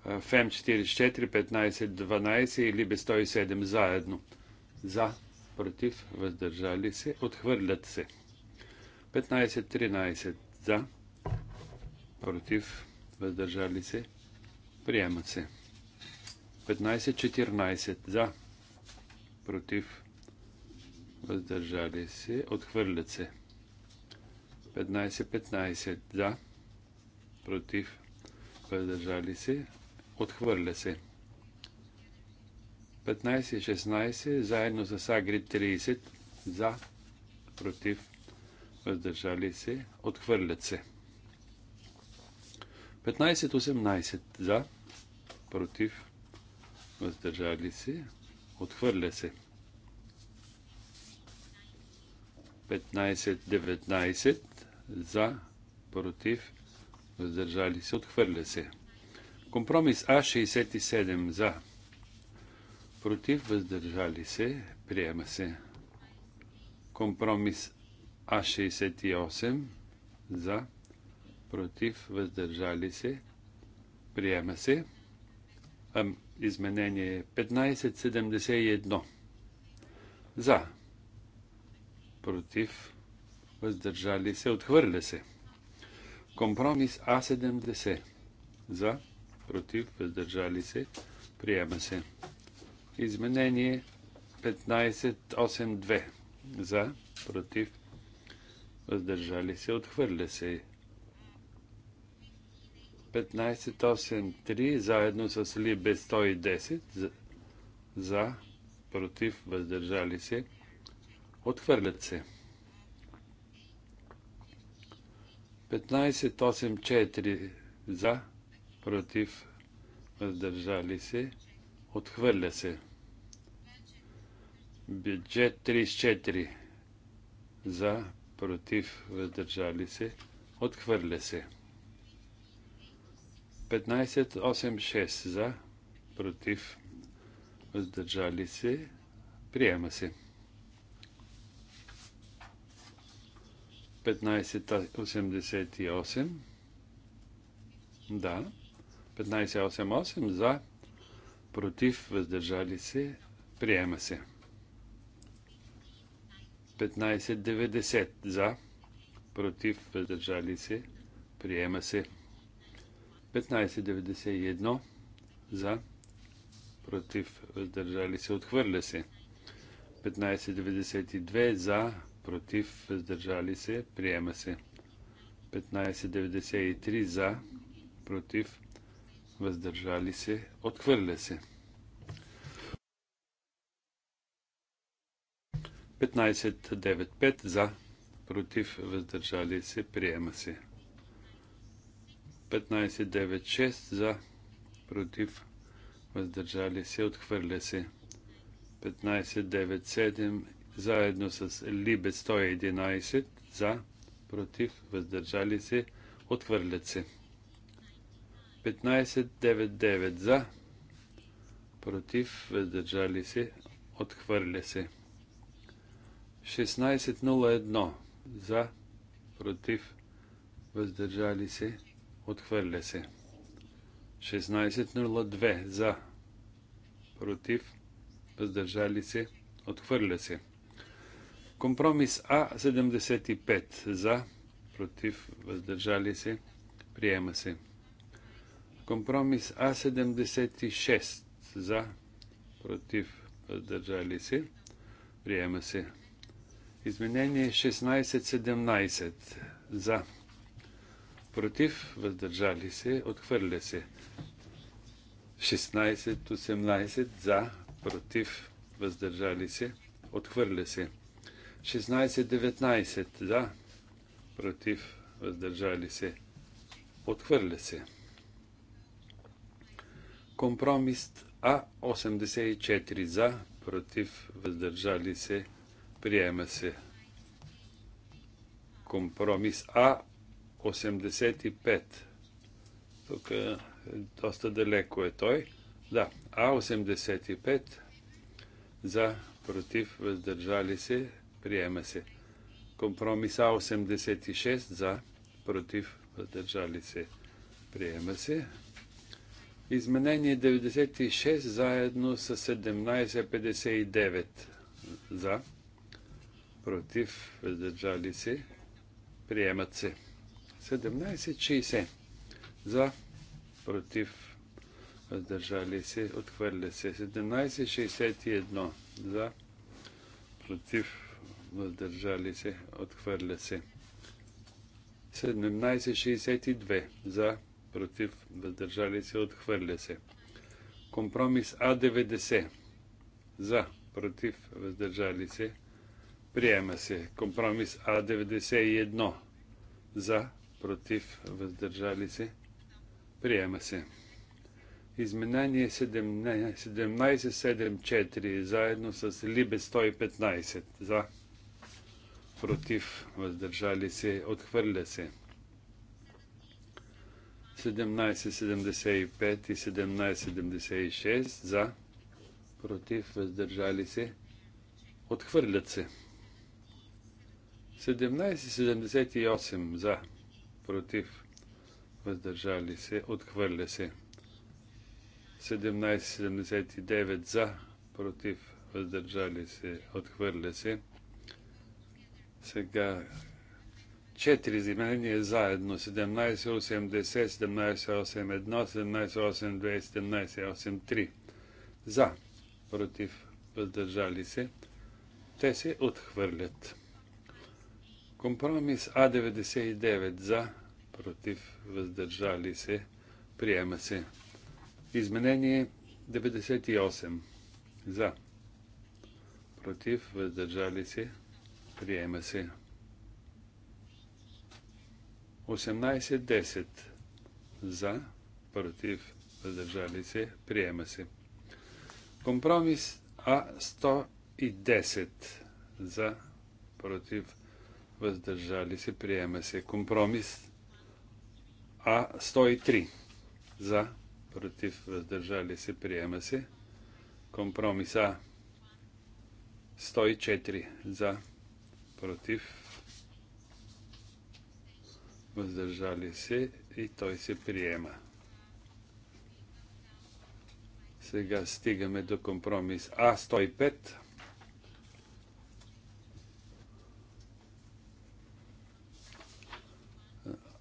Е, ФЕМ 44, 15, 12 или Либе 107 заедно. За, против, въздържали се, отхвърлят се. 15, 13 за, против, въздържали се, приемат се. 15-14 за, против, въздържали се, отхвърлят се. 15-15 за, против, въздържали се, Отхвърля се. 15 16 заедно с Агри 30 за, против, въздържали се, отхвърлят се. 15-18 за, против, въздържали се, отхвърля се. 15-19 за, против, въздържали се, отхвърля се. Компромис А67 за. Против въздържали се. Приема се. Компромис А68 за. Против въздържали се. Приема се. Изменение 1571. За. Против. Въздържали се. Отхвърля се. Компромис А70. За против, въздържали се, приема се. Изменение 1582 за, против, въздържали се, отхвърля се. 1583 заедно с Либе 110 за, за, против, въздържали се, отхвърлят се. 1584 за, против, въздържали се, отхвърля се. Бюджет 34 за, против, въздържали се, отхвърля се. 15.8.6 за, против, въздържали се, приема се. 15.88 да, 1588 за, против, въздържали се, приема се. 1590 за, против, въздържали се, приема се. 1591 за, против, въздържали се, отхвърля се. 1592 за, против, въздържали се, приема се. 1593 за, против, въздържали се, отхвърля се. 15.9.5 за, против, въздържали се, приема се. 15.9.6 за, против, въздържали се, отхвърля се. 15.9.7 заедно с Либе 111 за, против, въздържали се, отхвърлят се. 1599 за, против, въздържали се, отхвърля се. 1601 за, против, въздържали се, отхвърля се. 1602 за, против, въздържали се, отхвърля се. Компромис А75 за, против, въздържали се, приема се. Компромис А76 за, против, въздържали се, приема се. Изменение 16-17 за, против, въздържали се, отхвърля се. 16-18 за, против, въздържали се, отхвърля се. 16-19 за, против, въздържали се, отхвърля се. Компромис А84 за, против, въздържали се, приема се. Компромис А85. Тук е, доста далеко е той. Да, А85 за, против, въздържали се, приема се. Компромис А86 за, против, въздържали се, приема се. Изменение 96 заедно с 1759 за, против, въздържали се, приемат се. 1760 за, против, въздържали се, отхвърля се. 1761 за, против, въздържали се, отхвърля се. 1762 за, против, въздържали се, отхвърля се. Компромис А90 за, против, въздържали се, приема се. Компромис А91 за, против, въздържали се, приема се. Изменение 1774 заедно с Либе 115 за, против, въздържали се, отхвърля се. 1775 и 1776 за, против, въздържали се, отхвърлят се. 1778 за, против, въздържали се, отхвърля се. 1779 за, против, въздържали се, отхвърля се. Сега четири изменения заедно 1780, 1781, 1782, 1783. За, против, въздържали се. Те се отхвърлят. Компромис А99 за, против, въздържали се. Приема се. Изменение 98 за, против, въздържали се. Приема се. 18-10 за, против, въздържали се, приема се. Компромис А110 за, против, въздържали се, приема се. Компромис А103 за, против, въздържали се, приема се. Компромис А104 за, против, въздържали се и той се приема. Сега стигаме до компромис А105.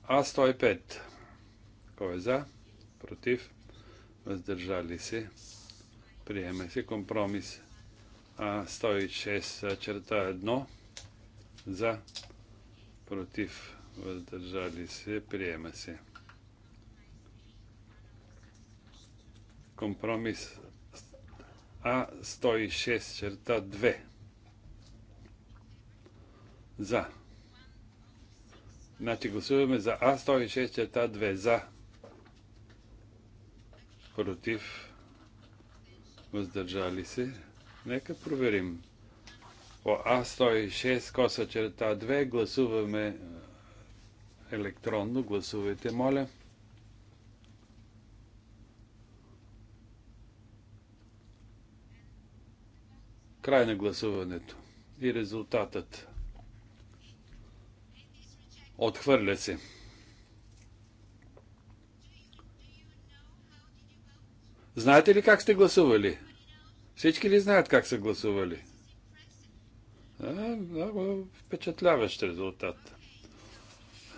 А105. Кой е за? Против? Въздържали се? Приема се компромис А106 черта 1 за против въздържали се, приема се. Компромис А106 черта 2 за. Значи гласуваме за А106 черта 2 за. Против. Въздържали се. Нека проверим. По А106 коса черта 2 гласуваме електронно. Гласувайте, моля. Край на гласуването и резултатът. Отхвърля се. Знаете ли как сте гласували? Всички ли знаят как са гласували? А, много впечатляващ резултат.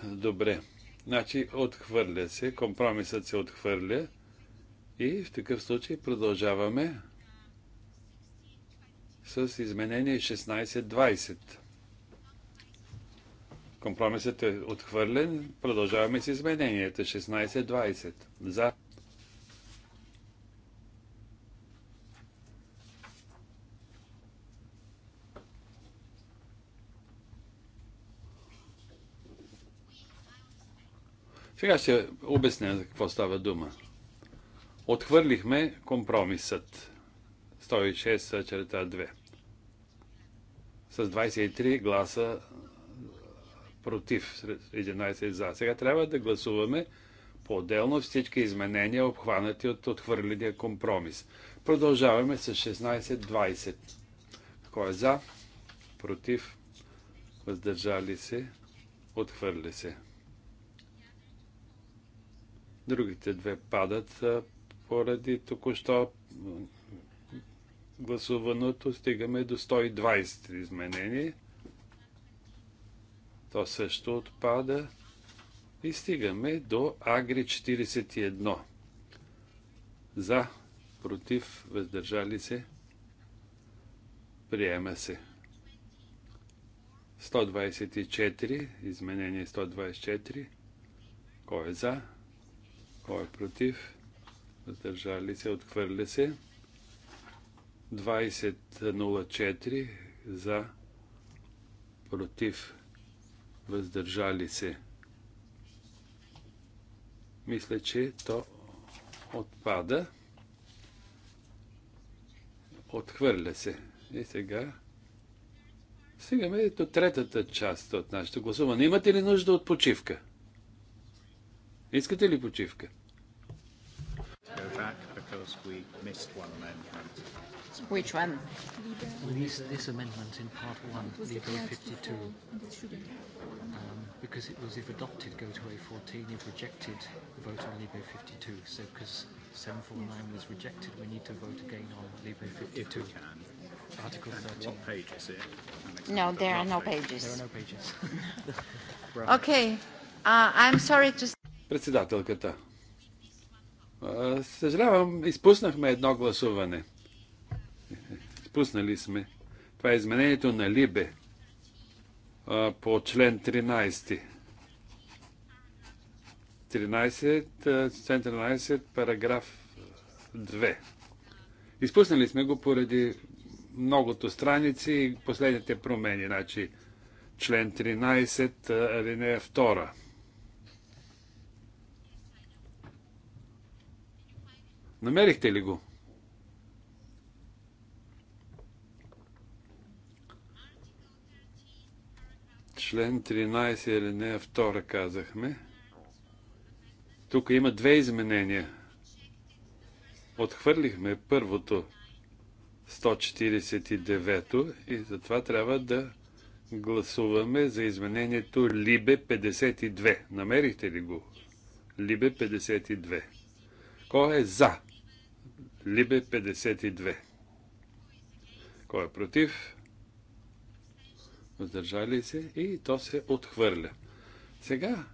Добре. Значи отхвърля се, компромисът се отхвърля и в такъв случай продължаваме с изменение 16-20. Компромисът е отхвърлен, продължаваме с измененията 16-20. За Сега ще обясня за какво става дума. Отхвърлихме компромисът 106 черта 2 с 23 гласа против 11 за. Сега трябва да гласуваме по-отделно всички изменения, обхванати от отхвърления компромис. Продължаваме с 16-20. Кой е за? Против? Въздържали се? Отхвърли се. Другите две падат поради току-що гласуваното. Стигаме до 120 изменение. То също отпада. И стигаме до Агри 41. За, против, въздържали се. Приема се. 124, изменение 124. Кой е за? Кой е против? Въздържали се, отхвърля се. 20.04 за против въздържали се. Мисля, че то отпада. Отхвърля се. И сега стигаме до третата част от нашето гласуване. Имате ли нужда от почивка? Искате ли почивка? back because we missed one amendment. Which one? This, this amendment in part one, Libre 52. Um, because it was if adopted, go to A14. If rejected, vote on Libre 52. So because 749 was rejected, we need to vote again on Libre 52. If we can. Article 13. What page is it? No, there are no pages. There are no pages. Okay. Uh, I'm sorry to... Председателката, Съжалявам, изпуснахме едно гласуване. Изпуснали сме. Това е изменението на Либе по член 13. 13, член 13, параграф 2. Изпуснали сме го поради многото страници и последните промени. Значи, член 13, алинея 2. Намерихте ли го? Член 13 или не, 2 казахме. Тук има две изменения. Отхвърлихме първото 149 и затова трябва да гласуваме за изменението Либе 52. Намерихте ли го? Либе 52. Кой е за Либе 52. Кой е против? Въздържали се и то се отхвърля. Сега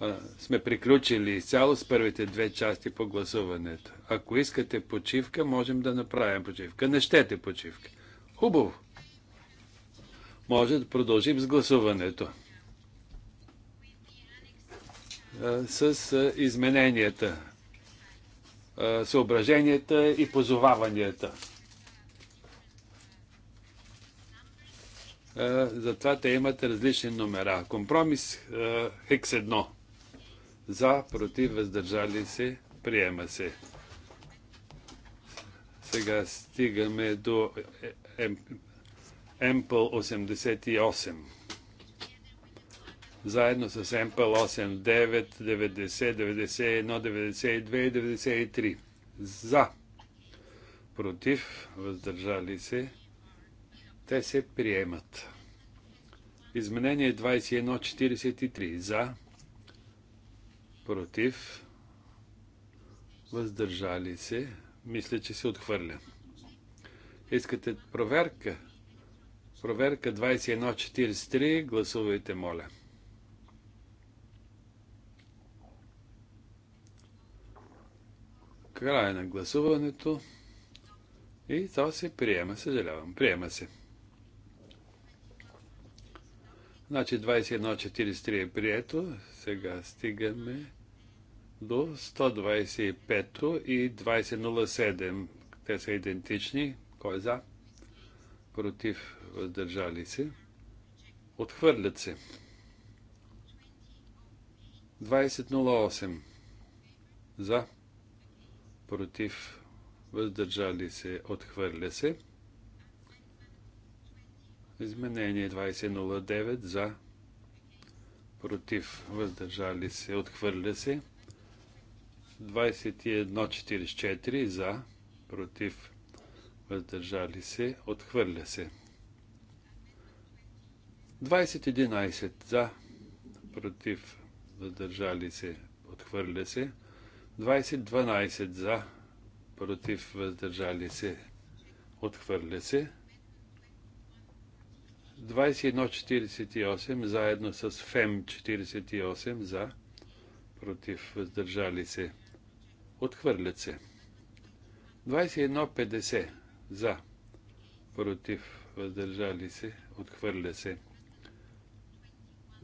а, сме приключили изцяло с първите две части по гласуването. Ако искате почивка, можем да направим почивка. Не щете почивка. Хубаво. Може да продължим с гласуването. А, с а, измененията съображенията и позоваванията. Затова те имат различни номера. Компромис x 1. За, против, въздържали се, приема се. Сега стигаме до Емпъл 88 заедно с МПЛ 8, 9, 90, 91, 92 и 93. За, против, въздържали се, те се приемат. Изменение 2143. За, против, въздържали се, мисля, че се отхвърля. Искате проверка? Проверка 2143. Гласувайте, моля. Края на гласуването. И това се приема, съжалявам. Приема се. Значи 21.43 е прието. Сега стигаме до 125 и 20.07. Те са идентични. Кой е за? Против. Въздържали се. Отхвърлят се. 20.08. За против, въздържали се, отхвърля се. Изменение 2009 за, против, въздържали се, отхвърля се. 2144 за, против, въздържали се, отхвърля се. 2011 за, против, въздържали се, отхвърля се. 20-12 за, против, въздържали се, отхвърля се. 21-48 заедно с ФЕМ 48 за, против, въздържали се, отхвърлят се. 21-50 за, против, въздържали се, отхвърля се.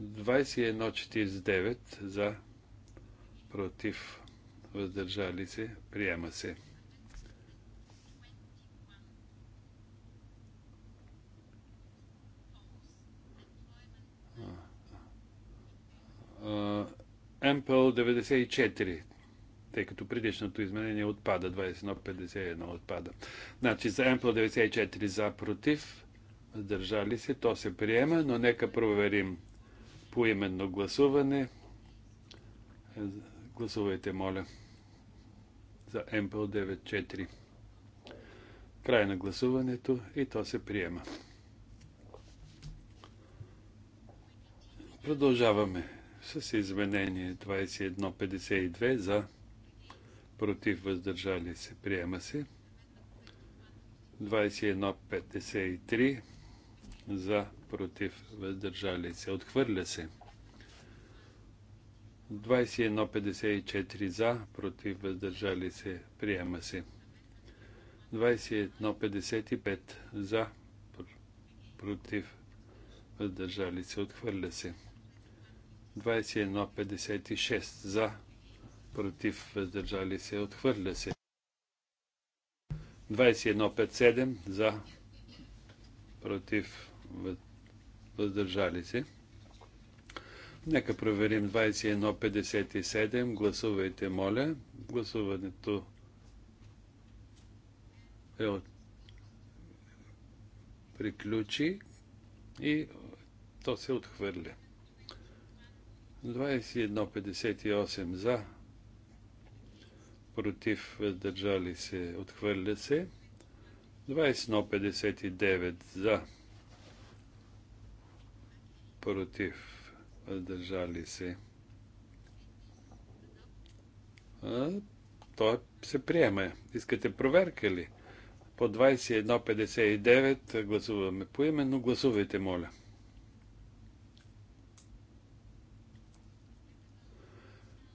21-49 за, против, въздържали се, приема се. МПЛ 94, тъй като предишното изменение отпада, 2151 отпада. Значи за МПЛ 94 за против, въздържали се, то се приема, но нека проверим поименно гласуване. Гласувайте, моля за МПЛ 94. Край на гласуването и то се приема. Продължаваме с изменение 2152 за против въздържали се. Приема се. 2153 за против въздържали се. Отхвърля се. 2154 2154 за, против, въздържали се, приема се. 2155 за, против, въздържали се, отхвърля се. 2156 за, против, въздържали се, отхвърля се. 2157 за, против, въздържали се. Нека проверим 21.57. Гласувайте, моля. Гласуването е от... приключи и то се отхвърля. 21.58 за, против, въздържали се, отхвърля се. 21.59 за, против, въздържали се. А, той се приема. Искате проверка ли? По 21.59 гласуваме по но Гласувайте, моля.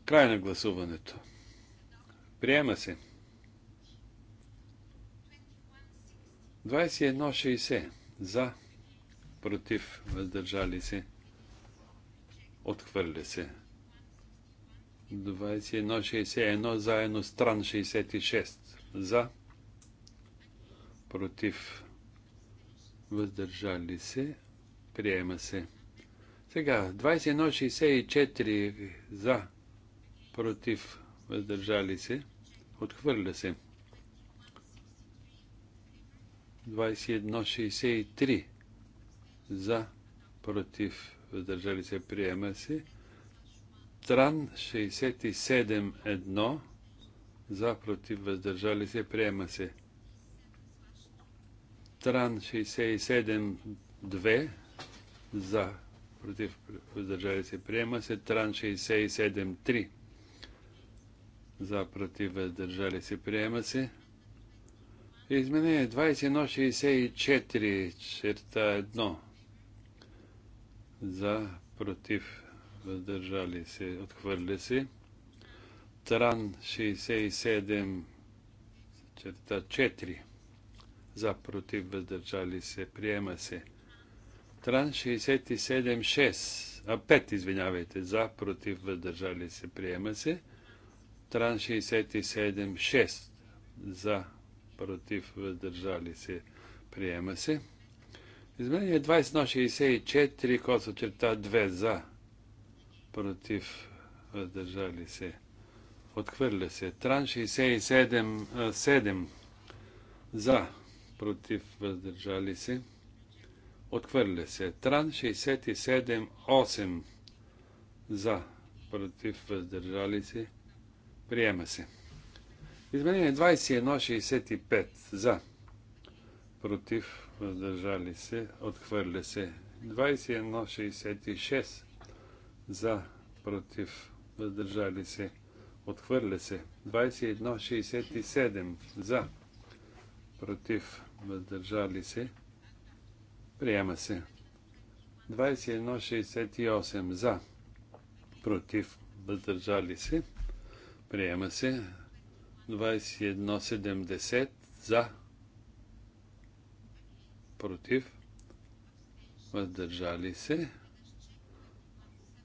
Край на гласуването. Приема се. 21.60 за, против, въздържали се. Отхвърля се. 21.61 заедно стран 66. За. Против. Въздържали се. Приема се. Сега, 21.64 за. Против. Въздържали се. Отхвърля се. 21.63 за. Против въздържали се, приема се. Тран 67.1 за, против, въздържали се, приема се. Тран 67.2 за, против, въздържали се, приема се. Тран 67.3 за, против, въздържали се, приема се. Изменение 2164 черта 1 за, против, въздържали се, отхвърля се. Тран 67 черта 4 за, против, въздържали се, приема се. Тран 67 6, а 5, извинявайте, за, против, въздържали се, приема се. Тран 67 6 за, против, въздържали се, приема се. Изменение 2164, косо черта 2 за, против, въздържали се, отхвърля се. Тран 67, 7 за, против, въздържали се, отхвърля се. Тран 67, 8 за, против, въздържали се, приема се. Изменение 2165 за, против, въздържали се, отхвърля се. 21.66 за, против, въздържали се, отхвърля се. 21.67 за, против, въздържали се, приема се. 21.68 за, против, въздържали се, приема се. 21.70 за, против, въздържали се.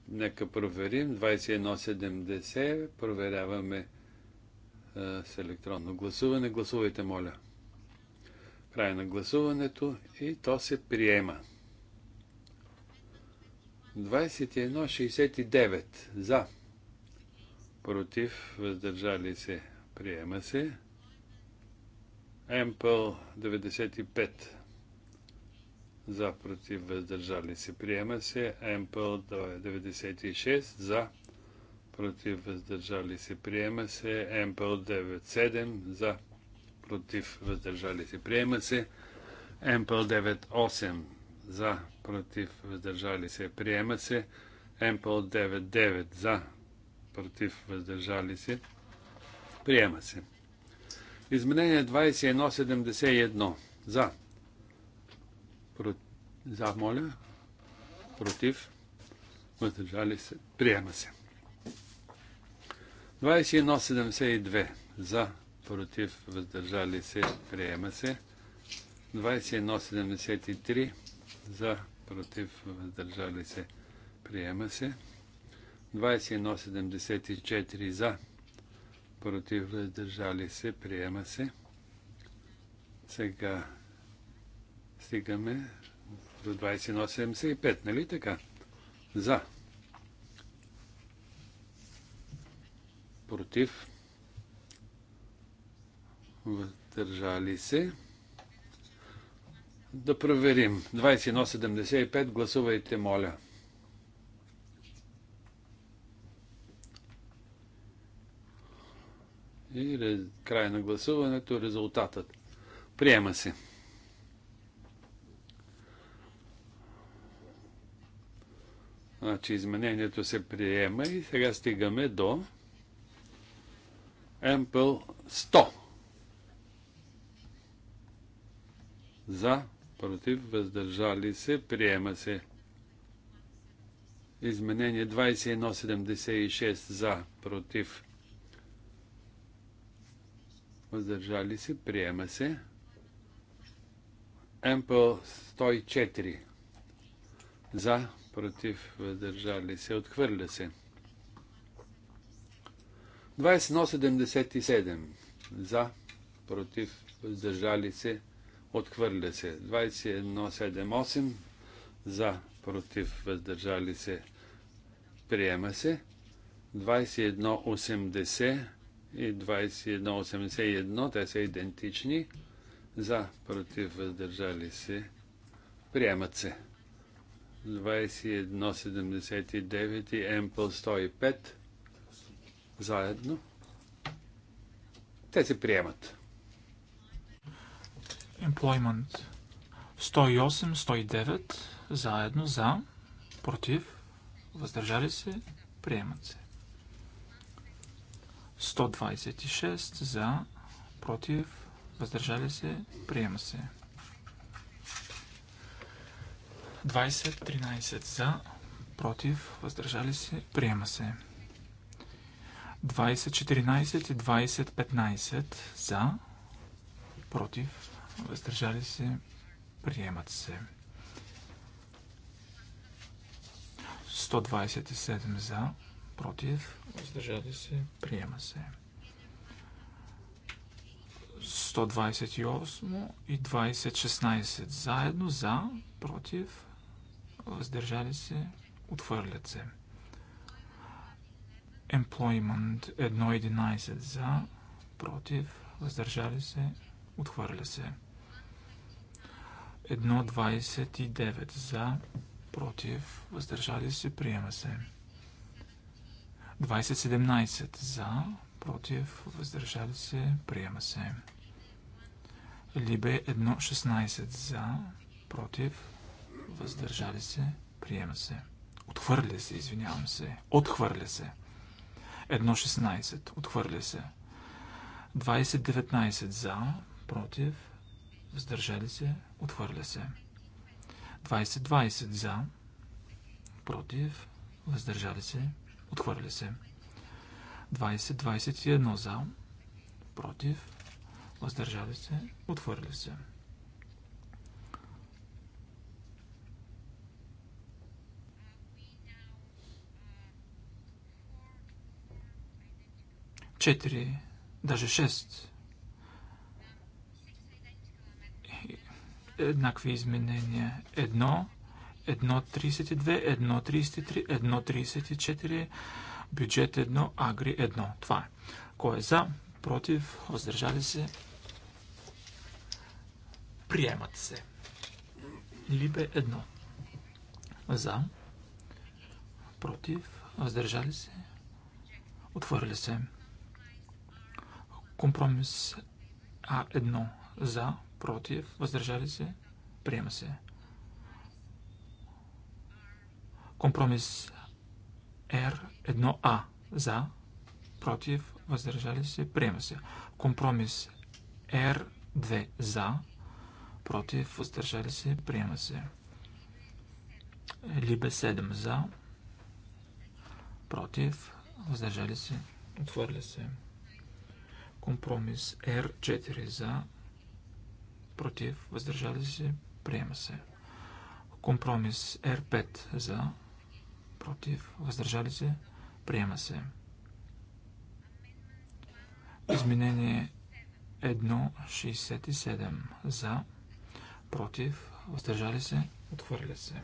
Нека проверим. 2170. Проверяваме с електронно гласуване. Гласувайте, моля. Край на гласуването и то се приема. 2169 за. Против, въздържали се, приема се. Емпъл 95 за против въздържали се. Приема се МПЛ 96 за против въздържали се. Приема се МПЛ 97 за против въздържали се. Приема се МПЛ 98 за против въздържали се. Приема се МПЛ 99 за против въздържали се. Приема се. Изменение 2171 за за, моля. Против. Въздържали се. Приема се. 21.72. За. Против. Въздържали се. Приема се. 21.73. За. Против. Въздържали се. Приема се. 21.74. За. Против. Въздържали се. Приема се. Сега Стигаме до 21.75, нали така? За. Против. Въздържали се. Да проверим. 21.75. Гласувайте, моля. И край на гласуването резултатът. Приема се. Значи изменението се приема и сега стигаме до Ampel 100. За, против, въздържали се, приема се. Изменение 2176 за, против, въздържали се, приема се. Ampel 104 за, против, против, въздържали се, отхвърля се. 2177 за, против, въздържали се, отхвърля се. 2178 за, против, въздържали се, приема се. 2180 и 2181, те са идентични. За, против, въздържали се, приемат се. 2179 и Емпл 105 заедно. Те се приемат. Employment 108, 109 заедно за, против, въздържали се, приемат се. 126 за, против, въздържали се, приема се. 20-13 за, против, въздържали се, приема се. 20-14 и 20-15 за, против, въздържали се, приемат се. 127 за, против, въздържали се, приема се. 128 и 2016 заедно за, против, въздържали се, отвърлят се. Employment 1.11 за, против, въздържали се, отхвърля се. 1.29 за, против, въздържали се, приема се. 20.17 за, против, въздържали се, приема се. Либе 1.16 за, против, въздържали се, приема се. Отхвърля се, извинявам се. Отхвърля се. 1.16. Отхвърля се. 20.19 за, против, въздържали се, отхвърля се. 20.20 за, против, въздържали се, отхвърля се. 20.21 за, против, въздържали се, отхвърля се. 4, даже 6 еднакви изменения. Едно, едно 32, едно 33, едно 34, бюджет едно, агри едно. Това е. Кой е за, против, въздържали се, приемат се. Либе едно. За, против, въздържали се, отвърли се. Компромис А1 за, против, въздържали се, приема се. Компромис Р1А за, против, въздържали се, приема се. Компромис Р2 за, против, въздържали се, приема се. Либе 7 за, против, въздържали се, отвърля се. Компромис R4 за, против, въздържали се, приема се. Компромис R5 за, против, въздържали се, приема се. Изменение 1.67 за, против, въздържали се, отхвърля се.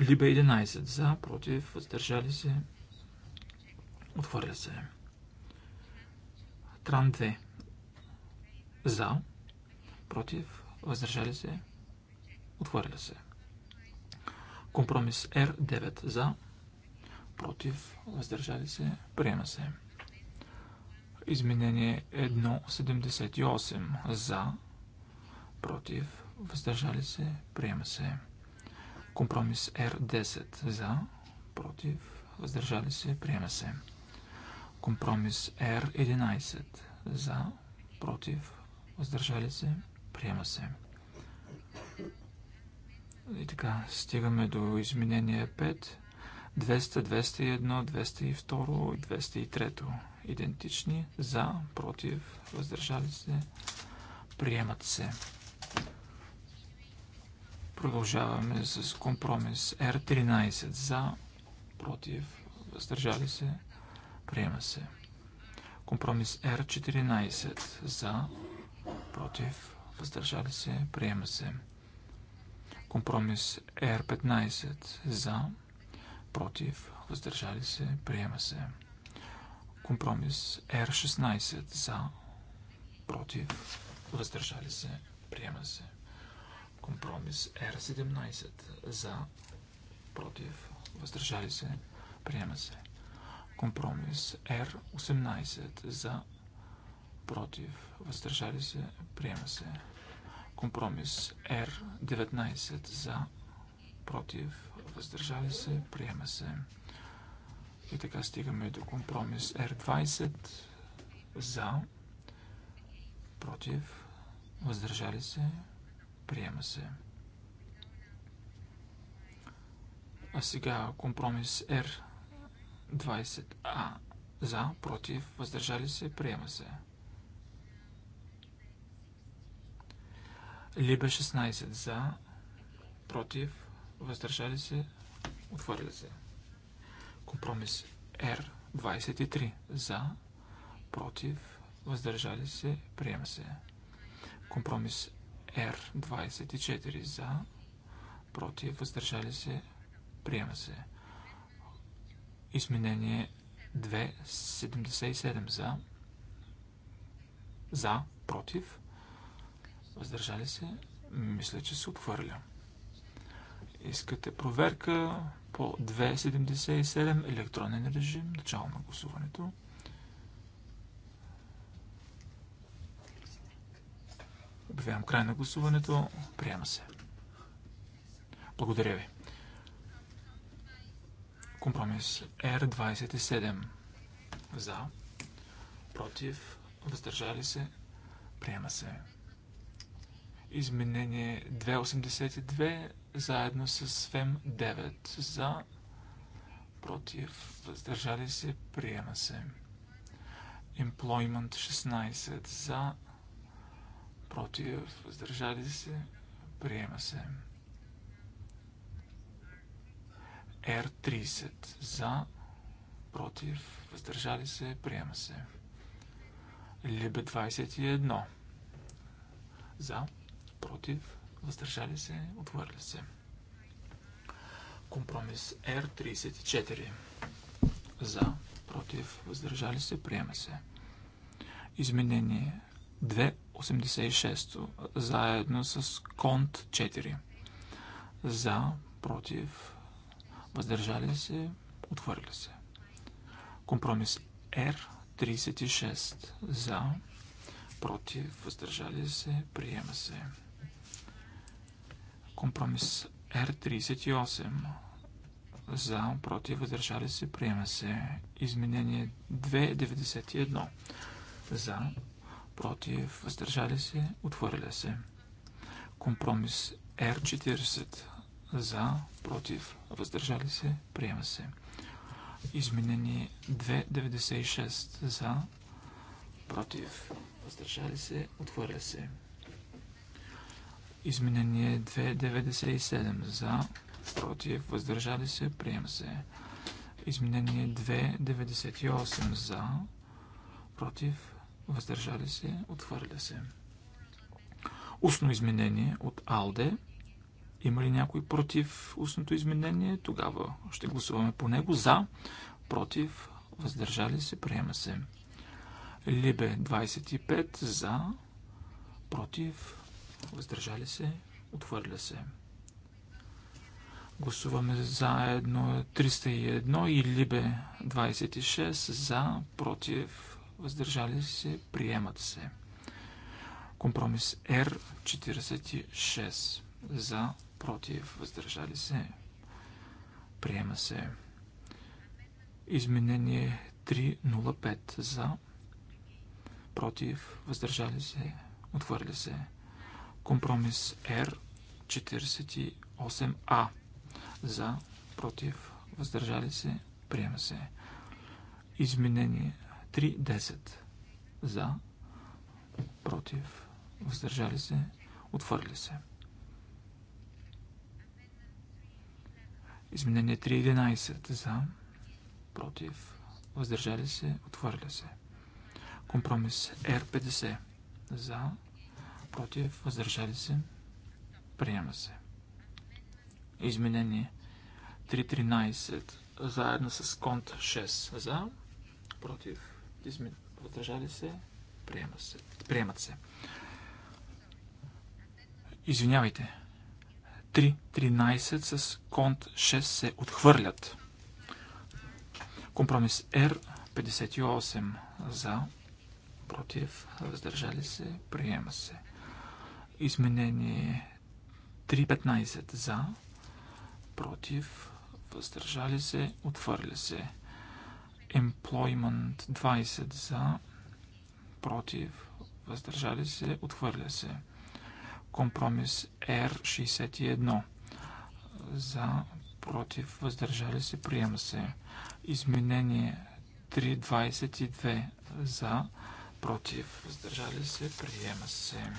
Либе 11 за, против, въздържали се, отхвърля се. Тран 2. За. Против. Въздържали се. отворили се. Компромис R9 за. Против. Въздържали се. Приема се. Изменение 1.78 за. Против. Въздържали се. Приема се. Компромис R10 за. Против. Въздържали се. Приема се. Компромис R11 за, против, въздържали се, приема се. И така, стигаме до изменение 5. 200, 201, 202 и 203. Идентични, за, против, въздържали се, приемат се. Продължаваме с компромис R13 за, против, въздържали се, Приема се. Компромис Р14 за, против, въздържали се, приема се. Компромис Р15 за, против, въздържали се, приема се. Компромис Р16 за, против, въздържали се, приема се. Компромис Р17 за, против, въздържали се, приема се. Компромис Р18 за против, въздържали се, приема се. Компромис Р19 за против, въздържали се, приема се. И така стигаме до компромис Р20 за против, въздържали се, приема се. А сега компромис Р20 20а. За, против, въздържали се, приема се. Либе 16. За, против, въздържали се, отвърля се. Компромис Р 23. За, против, въздържали се, приема се. Компромис Р 24. За, против, въздържали се, приема се. Изменение 2.77 за. За. Против. Въздържали се. Мисля, че се отхвърля. Искате проверка по 2.77 електронен режим. Начало на гласуването. Обявявам край на гласуването. Приема се. Благодаря ви. Компромис R27. За. Против. Въздържали се. Приема се. Изменение 282 заедно с ФЕМ 9. За. Против. Въздържали се. Приема се. Employment 16. За. Против. Въздържали се. Приема се. R30. За, против, въздържали се, приема се. Либе 21. За, против, въздържали се, отвърля се. Компромис R34. За, против, въздържали се, приема се. Изменение 286 заедно с конт 4. За, против, въздържали се, отхвърли се. Компромис R36 за, против, въздържали се, приема се. Компромис R38 за, против, въздържали се, приема се. Изменение 291 за, против, въздържали се, отхвърля се. Компромис R40 за, против, въздържали се, приема се. Изменение 296 за, против, въздържали се, отхвърля се. Изменение 297 за, против, въздържали се, приема се. Изменение 298 за, против, въздържали се, отхвърля се. Устно изменение от АЛДЕ има ли някой против устното изменение? Тогава ще гласуваме по него. За, против, въздържали се, приема се. Либе 25 за, против, въздържали се, отвърля се. Гласуваме заедно 301 и Либе 26 за, против, въздържали се, приемат се. Компромис R46 за, против, въздържали се, приема се. Изменение 305 за, против, въздържали се, отвърли се. Компромис r 48 А. за, против, въздържали се, приема се. Изменение 310 за, против, въздържали се, отвърли се. Изменение 3.11. За. Против. Въздържали се. Отхвърля се. Компромис R50. За. Против. Въздържали се. Приема се. Изменение 3.13. Заедно с конт 6. За. Против. Въздържали се. Приема се. Приемат се. Извинявайте. 3.13 с конт 6 се отхвърлят. Компромис R58 за, против, въздържали се, приема се. Изменение 3.15 за, против, въздържали се, отхвърля се. Employment 20 за, против, въздържали се, отхвърля се. Компромис R61. За, против, въздържали се, приема се. Изменение 322. За, против, въздържали се, приема се.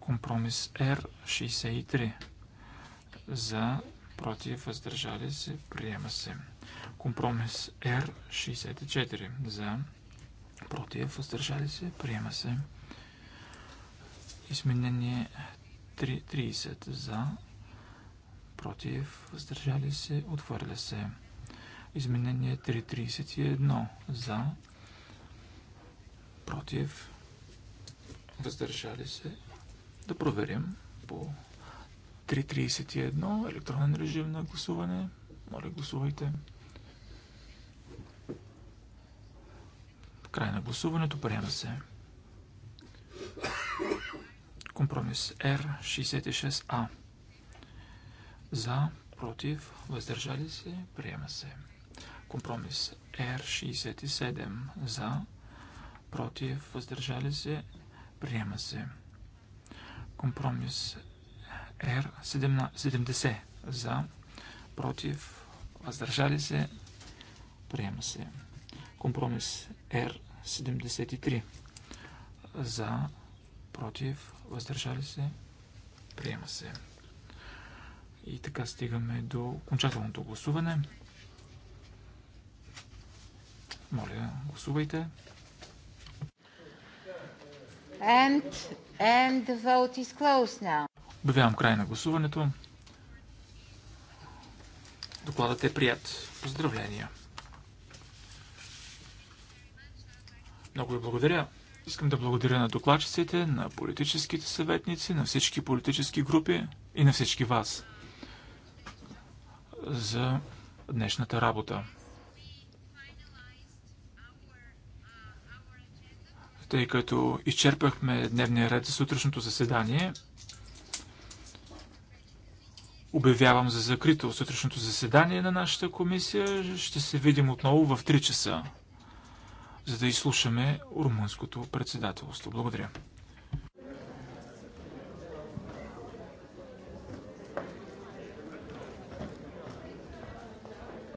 Компромис R63. За, против, въздържали се, приема се. Компромис R64. За, против, въздържали се, приема се. Изменение 30 за, против, въздържали се, отвърля се. Изменение 3.31 за, против, въздържали се. Да проверим по 3.31 електронен режим на гласуване. Моля, гласувайте. Край на гласуването приема се. Компромис r 66 a За, против, въздържали се, приема се. Компромис r 67 За, против, въздържали се, приема се. Компромис r 70 За, против, въздържали се, приема се. Компромис R 73 За, против, въздържали се, приема се. И така стигаме до окончателното гласуване. Моля, гласувайте. And, and the vote is closed now. Обявявам край на гласуването. Докладът е прият. Поздравления! Много ви благодаря! Искам да благодаря на докладчиците, на политическите съветници, на всички политически групи и на всички вас за днешната работа. Тъй като изчерпахме дневния ред за сутрешното заседание, обявявам за закрито сутрешното заседание на нашата комисия. Ще се видим отново в 3 часа за да изслушаме румънското председателство. Благодаря.